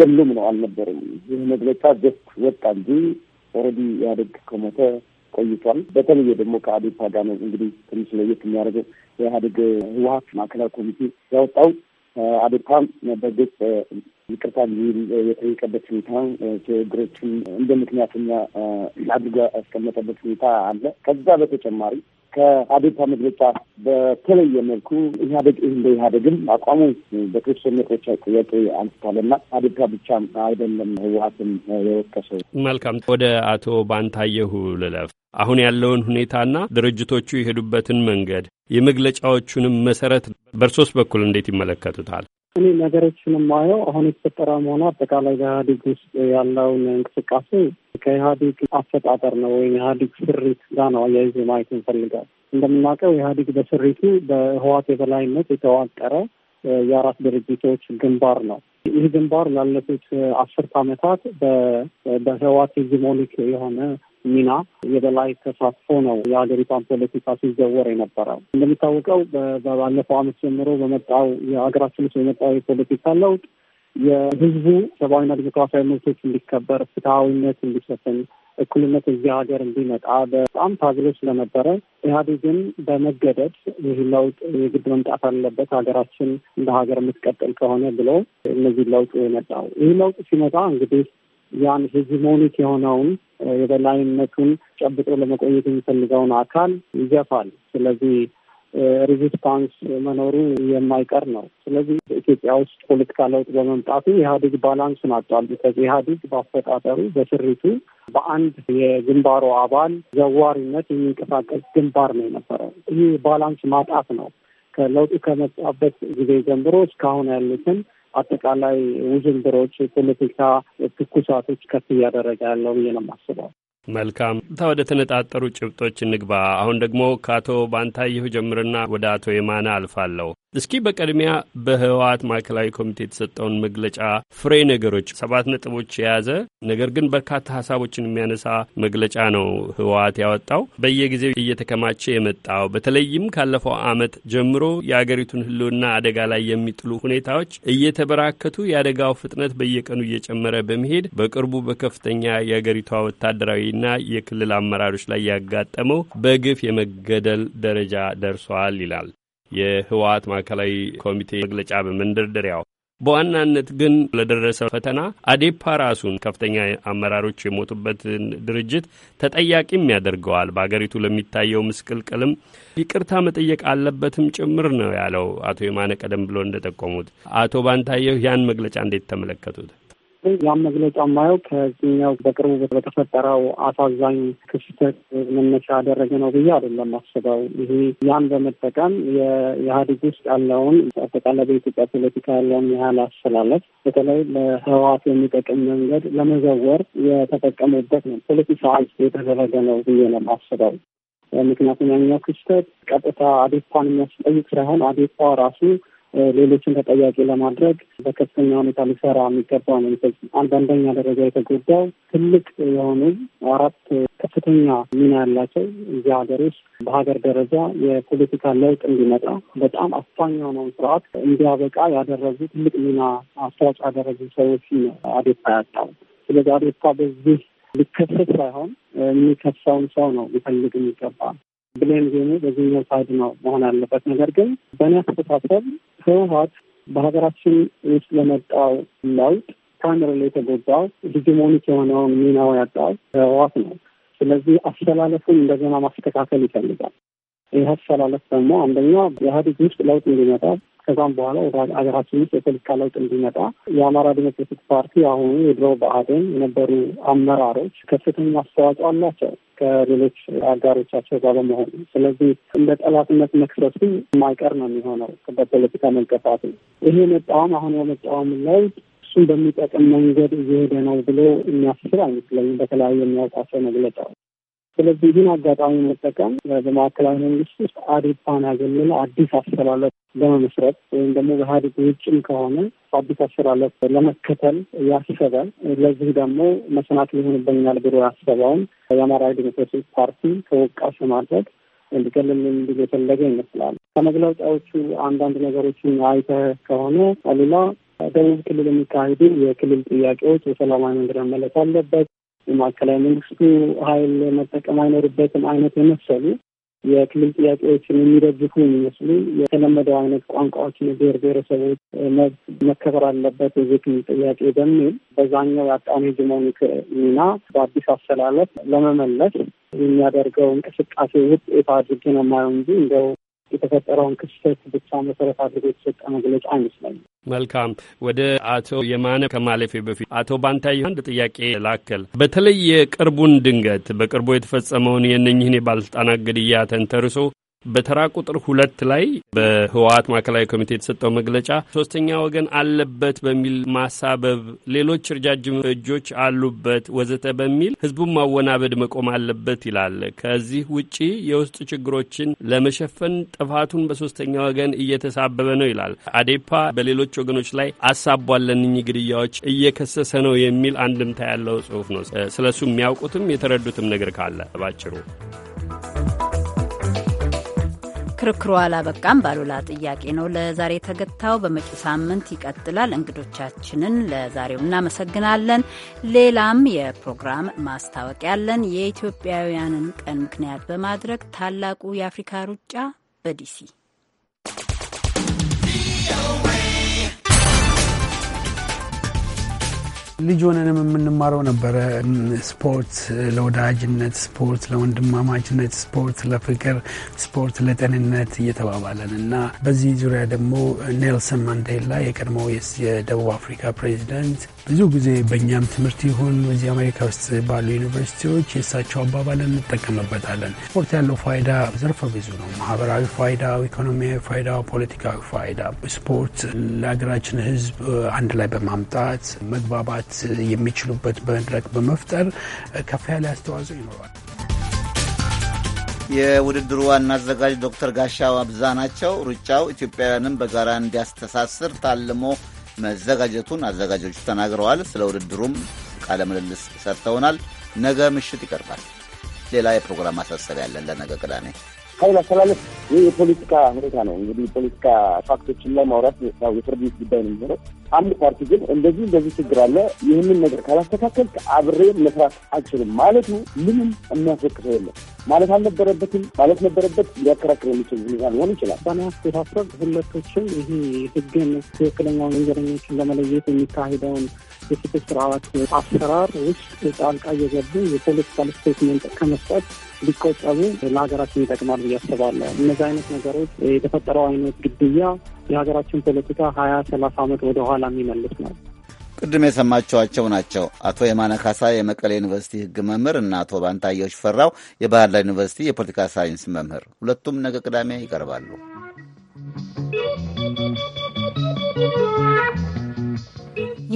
የሉም ነው አልነበርም። ይህ መግለጫ ደስ ወጣ እንጂ ኦልሬዲ ኢህአዴግ ከሞተ ቆይቷል። በተለየ ደግሞ ከአዴፓ ጋር ነው እንግዲህ ትንሽ ለየት የሚያደርገው የኢህአዴግ ህወሀት ማዕከላዊ ኮሚቴ ያወጣው አዴፓ በግልጽ ይቅርታ የጠየቀበት ሁኔታ ችግሮችን እንደ ምክንያት አድርጎ ያስቀመጠበት ሁኔታ አለ። ከዛ በተጨማሪ ከአዴፓ መግለጫ በተለየ መልኩ ኢህአዴግ እንደ ኢህአዴግም አቋሙ በክርስቶን መቆቻ ጥያቄ አንስቷልና አዴፓ ብቻ አይደለም ህወሀትን የወቀሰው። መልካም ወደ አቶ ባንታየሁ ልለፍ። አሁን ያለውን ሁኔታና ድርጅቶቹ የሄዱበትን መንገድ የመግለጫዎቹንም መሰረት በእርሶስ በኩል እንዴት ይመለከቱታል? እኔ ነገሮችን የማየው አሁን የተፈጠረውም ሆነ አጠቃላይ በኢህአዴግ ውስጥ ያለውን እንቅስቃሴ ከኢህአዴግ አፈጣጠር ነው ወይም ኢህአዴግ ስሪት ጋር ነው አያይዞ ማየት እንፈልጋል። እንደምናውቀው ኢህአዴግ በስሪቱ በህዋት የበላይነት የተዋቀረ የአራት ድርጅቶች ግንባር ነው። ይህ ግንባር ላለፉት አስርት ዓመታት በህዋት ሄጂሞኒክ የሆነ ሚና የበላይ ተሳትፎ ነው የሀገሪቷን ፖለቲካ ሲዘወር የነበረው። እንደሚታወቀው ባለፈው ዓመት ጀምሮ በመጣው የሀገራችን ውስጥ የመጣው የፖለቲካ ለውጥ የህዝቡ ሰብአዊና ዲሞክራሲያዊ መብቶች እንዲከበር፣ ፍትሐዊነት እንዲሰፍን፣ እኩልነት እዚህ ሀገር እንዲመጣ በጣም ታግሎ ስለነበረ ኢህአዴግን በመገደድ ይህ ለውጥ የግድ መምጣት አለበት ሀገራችን እንደ ሀገር የምትቀጥል ከሆነ ብሎ እነዚህ ለውጡ የመጣው ይህ ለውጥ ሲመጣ እንግዲህ ያን ሄጂሞኒክ የሆነውን የበላይነቱን ጨብጦ ለመቆየት የሚፈልገውን አካል ይገፋል። ስለዚህ ሬዚስታንስ መኖሩ የማይቀር ነው። ስለዚህ በኢትዮጵያ ውስጥ ፖለቲካ ለውጥ በመምጣቱ ኢህአዴግ ባላንሱን አጧል። ከዚህ ኢህአዴግ በአፈጣጠሩ በስሪቱ በአንድ የግንባሩ አባል ዘዋሪነት የሚንቀሳቀስ ግንባር ነው የነበረው። ይህ ባላንስ ማጣት ነው ከለውጡ ከመጣበት ጊዜ ጀምሮ እስካሁን ያሉትን አጠቃላይ ውዥንብሮች፣ ፖለቲካ ትኩሳቶች ከፍ እያደረገ ያለው ብዬ ነው የማስበው። መልካም ታ ወደ ተነጣጠሩ ጭብጦች እንግባ። አሁን ደግሞ ከአቶ ባንታየሁ ጀምርና ወደ አቶ የማነ አልፋለሁ። እስኪ በቅድሚያ በህወሓት ማዕከላዊ ኮሚቴ የተሰጠውን መግለጫ ፍሬ ነገሮች ሰባት ነጥቦች የያዘ ነገር ግን በርካታ ሀሳቦችን የሚያነሳ መግለጫ ነው ህወሓት ያወጣው። በየጊዜው እየተከማቸ የመጣው በተለይም ካለፈው ዓመት ጀምሮ የአገሪቱን ህልውና አደጋ ላይ የሚጥሉ ሁኔታዎች እየተበራከቱ የአደጋው ፍጥነት በየቀኑ እየጨመረ በመሄድ በቅርቡ በከፍተኛ የአገሪቷ ወታደራዊና የክልል አመራሮች ላይ ያጋጠመው በግፍ የመገደል ደረጃ ደርሷል ይላል። የህወሀት ማዕከላዊ ኮሚቴ መግለጫ በመንደርደሪያው በዋናነት ግን ለደረሰ ፈተና አዴፓ ራሱን ከፍተኛ አመራሮች የሞቱበትን ድርጅት ተጠያቂም ያደርገዋል። በአገሪቱ ለሚታየው ምስቅልቅልም ይቅርታ መጠየቅ አለበትም ጭምር ነው ያለው አቶ የማነ ቀደም ብሎ እንደጠቆሙት። አቶ ባንታየሁ ያን መግለጫ እንዴት ተመለከቱት? ያም መግለጫ ማየው ከዚህኛው በቅርቡ በተፈጠረው አሳዛኝ ክስተት መነሻ ያደረገ ነው ብዬ አይደለም ማስበው። ይሄ ያን በመጠቀም የኢህአዴግ ውስጥ ያለውን አጠቃላይ በኢትዮጵያ ፖለቲካ ያለውን ያህል አስተላለፍ በተለይ ለህወሓት የሚጠቅም መንገድ ለመዘወር የተጠቀሙበት ነው። ፖለቲሳይዝ የተደረገ ነው ብዬ ነው የማስበው። ምክንያቱም ያኛው ክስተት ቀጥታ አዴፓን የሚያስጠይቅ ሳይሆን አዴፓ ራሱ ሌሎችን ተጠያቂ ለማድረግ በከፍተኛ ሁኔታ ሊሰራ የሚገባ ነው። አንዳንደኛ ደረጃ የተጎዳው ትልቅ የሆኑ አራት ከፍተኛ ሚና ያላቸው እዚህ ሀገር ውስጥ በሀገር ደረጃ የፖለቲካ ለውጥ እንዲመጣ በጣም አፋኝ የሆነውን ስርዓት እንዲያበቃ ያደረጉ ትልቅ ሚና አስተዋጽኦ ያደረጉ ሰዎች አዴፓ ያጣው። ስለዚህ አዴፓ በዚህ ሊከሰስ ሳይሆን የሚከሳውን ሰው ነው ሊፈልግ የሚገባ ብሌም ዜኑ በዚህኛው ሳይድ ነው መሆን አለበት። ነገር ግን በእኔ አስተሳሰብ ህወሀት በሀገራችን ውስጥ ለመጣው ለውጥ ፕራይመሪሊ የተጎዳው ሂጂሞኒክ የሆነውን ሚናው ያጣው ህወሀት ነው። ስለዚህ አስተላለፉን እንደገና ማስተካከል ይፈልጋል። ይህ አስተላለፍ ደግሞ አንደኛ የኢህአዴግ ውስጥ ለውጥ እንዲመጣ ከዛም በኋላ ወደ ሀገራችን ውስጥ የፖለቲካ ለውጥ እንዲመጣ የአማራ ዲሞክራቲክ ፓርቲ አሁኑ የድሮ ብአዴን የነበሩ አመራሮች ከፍተኛ አስተዋጽኦ አላቸው ከሌሎች አጋሮቻቸው ጋር በመሆኑ ስለዚህ እንደ ጠላትነት መክሰሱ የማይቀር ነው የሚሆነው በፖለቲካ መንቀፋት ይሄ መጣውም አሁን የመጣውም ለውጥ እሱን በሚጠቅም መንገድ እየሄደ ነው ብሎ የሚያስብ አይመስለኝም። በተለያዩ የሚያውቃቸው መግለጫዎች ስለዚህ ይህን አጋጣሚ መጠቀም በማዕከላዊ መንግስት ውስጥ አዴፓን ያገለለ አዲስ አሰላለፍ ለመመስረት ወይም ደግሞ በኢህአዴግ ውጭም ከሆነ አዲስ አሰላለፍ ለመከተል ያሰበ ለዚህ ደግሞ መሰናክል ሊሆንብኛል ብሎ ያሰበውን የአማራ ዲሞክራሲ ፓርቲ ተወቃሽ ማድረግ እንዲገልል እንዲል የፈለገ ይመስላል። ከመግለጫዎቹ አንዳንድ ነገሮችን አይተህ ከሆነ አሉላ ደቡብ ክልል የሚካሄዱ የክልል ጥያቄዎች በሰላማዊ መንገድ መመለስ አለበት። የማዕከላዊ መንግስቱ ሀይል መጠቀም አይኖርበትም አይነት የመሰሉ የክልል ጥያቄዎችን የሚደግፉ የሚመስሉ የተለመደው አይነት ቋንቋዎችን የብሔር ብሔረሰቦች መብት መከበር አለበት የዜግን ጥያቄ በሚል በዛኛው የአጣን ጅሞኒክ ሚና በአዲስ አሰላለፍ ለመመለስ የሚያደርገው እንቅስቃሴ ውጤት አድርጌ ነው የማየው እንጂ እንደው የተፈጠረውን ክስተት ብቻ መሰረት አድርጎ የተሰጠ መግለጫ አይመስለኝም። መልካም ወደ አቶ የማነ ከማለፌ በፊት አቶ ባንታየ አንድ ጥያቄ ላከል። በተለይ የቅርቡን ድንገት በቅርቡ የተፈጸመውን የእነኝህን የባለስልጣናት ግድያ ተንተርሶ በተራ ቁጥር ሁለት ላይ በህወሀት ማዕከላዊ ኮሚቴ የተሰጠው መግለጫ ሶስተኛ ወገን አለበት በሚል ማሳበብ፣ ሌሎች ረጃጅም እጆች አሉበት ወዘተ በሚል ህዝቡን ማወናበድ መቆም አለበት ይላል። ከዚህ ውጪ የውስጥ ችግሮችን ለመሸፈን ጥፋቱን በሶስተኛ ወገን እየተሳበበ ነው ይላል። አዴፓ በሌሎች ወገኖች ላይ አሳቧለንኝ ግድያዎች እየከሰሰ ነው የሚል አንድምታ ያለው ጽሁፍ ነው። ስለሱ የሚያውቁትም የተረዱትም ነገር ካለ ባጭሩ ክርክሩ አላበቃም። ባሉላ ጥያቄ ነው ለዛሬ ተገታው። በመጪው ሳምንት ይቀጥላል። እንግዶቻችንን ለዛሬው እናመሰግናለን። ሌላም የፕሮግራም ማስታወቂያ ያለን የኢትዮጵያውያንን ቀን ምክንያት በማድረግ ታላቁ የአፍሪካ ሩጫ በዲሲ ልጅ ሆነንም የምንማረው ነበረ። ስፖርት ለወዳጅነት፣ ስፖርት ለወንድማማችነት፣ ስፖርት ለፍቅር፣ ስፖርት ለጤንነት እየተባባለን እና በዚህ ዙሪያ ደግሞ ኔልሰን ማንዴላ የቀድሞው የደቡብ አፍሪካ ፕሬዚዳንት ብዙ ጊዜ በእኛም ትምህርት ይሁን እዚህ አሜሪካ ውስጥ ባሉ ዩኒቨርሲቲዎች የእሳቸው አባባል እንጠቀምበታለን። ስፖርት ያለው ፋይዳ ዘርፈ ብዙ ነው። ማህበራዊ ፋይዳው፣ ኢኮኖሚያዊ ፋይዳው፣ ፖለቲካዊ ፋይዳ። ስፖርት ለሀገራችን ህዝብ አንድ ላይ በማምጣት መግባባት የሚችሉበት መድረክ በመፍጠር ከፍ ያለ አስተዋጽኦ ይኖረዋል። የውድድሩ ዋና አዘጋጅ ዶክተር ጋሻው አብዛ ናቸው። ሩጫው ኢትዮጵያውያንን በጋራ እንዲያስተሳስር ታልሞ መዘጋጀቱን አዘጋጆቹ ተናግረዋል። ስለ ውድድሩም ቃለ ምልልስ ሰጥተውናል። ነገ ምሽት ይቀርባል። ሌላ የፕሮግራም ማሳሰቢያ ያለን ለነገ ቅዳሜ ኃይል አስተላለፍ ይህ የፖለቲካ ሁኔታ ነው። እንግዲህ የፖለቲካ ፋክቶችን ላይ ማውራት የፍርድ ቤት ጉዳይ ነው የሚሆነው አንድ ፓርቲ ግን እንደዚህ እንደዚህ ችግር አለ፣ ይህንን ነገር ካላስተካከል አብሬ መስራት አልችልም ማለቱ ምንም የሚያስወቅሰው የለም። ማለት አልነበረበትም። ማለት ነበረበት ሊያከራክር የሚችል ሁኔታ ሊሆን ይችላል። ባለማስተሳሰብ ሁለቶችም ይህ ህግን ትክክለኛ ወንጀለኞችን ለመለየት የሚካሄደውን የፍትህ ስርዓት አሰራር ውስጥ ጣልቃ እየገቡ የፖለቲካል ስቴትመንት ከመስጠት ሊቆጠቡ ለሀገራችን ይጠቅማል ብዬ አስባለሁ። እነዚህ አይነት ነገሮች የተፈጠረው አይነት ግድያ የሀገራችን ፖለቲካ ሀያ ሰላሳ ዓመት ወደኋላ የሚመልስ ነው። ቅድም የሰማችኋቸው ናቸው። አቶ የማነ ካሳ የመቀሌ ዩኒቨርሲቲ ሕግ መምህር እና አቶ ባንታየሁ ሽፈራው የባህር ዳር ዩኒቨርሲቲ የፖለቲካ ሳይንስ መምህር። ሁለቱም ነገ ቅዳሜ ይቀርባሉ።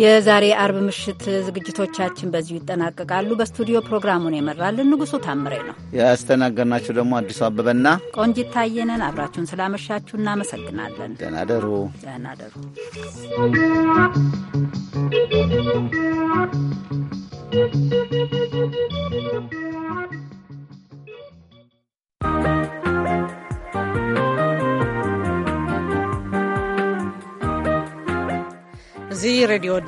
የዛሬ አርብ ምሽት ዝግጅቶቻችን በዚሁ ይጠናቀቃሉ። በስቱዲዮ ፕሮግራሙን የመራልን ንጉሱ ታምሬ ነው። ያስተናገድናችሁ ደግሞ አዲሱ አበበና ቆንጂት ታየነን። አብራችሁን ስላመሻችሁ እናመሰግናለን። ደህና ደሩ፣ ደህና ደሩ።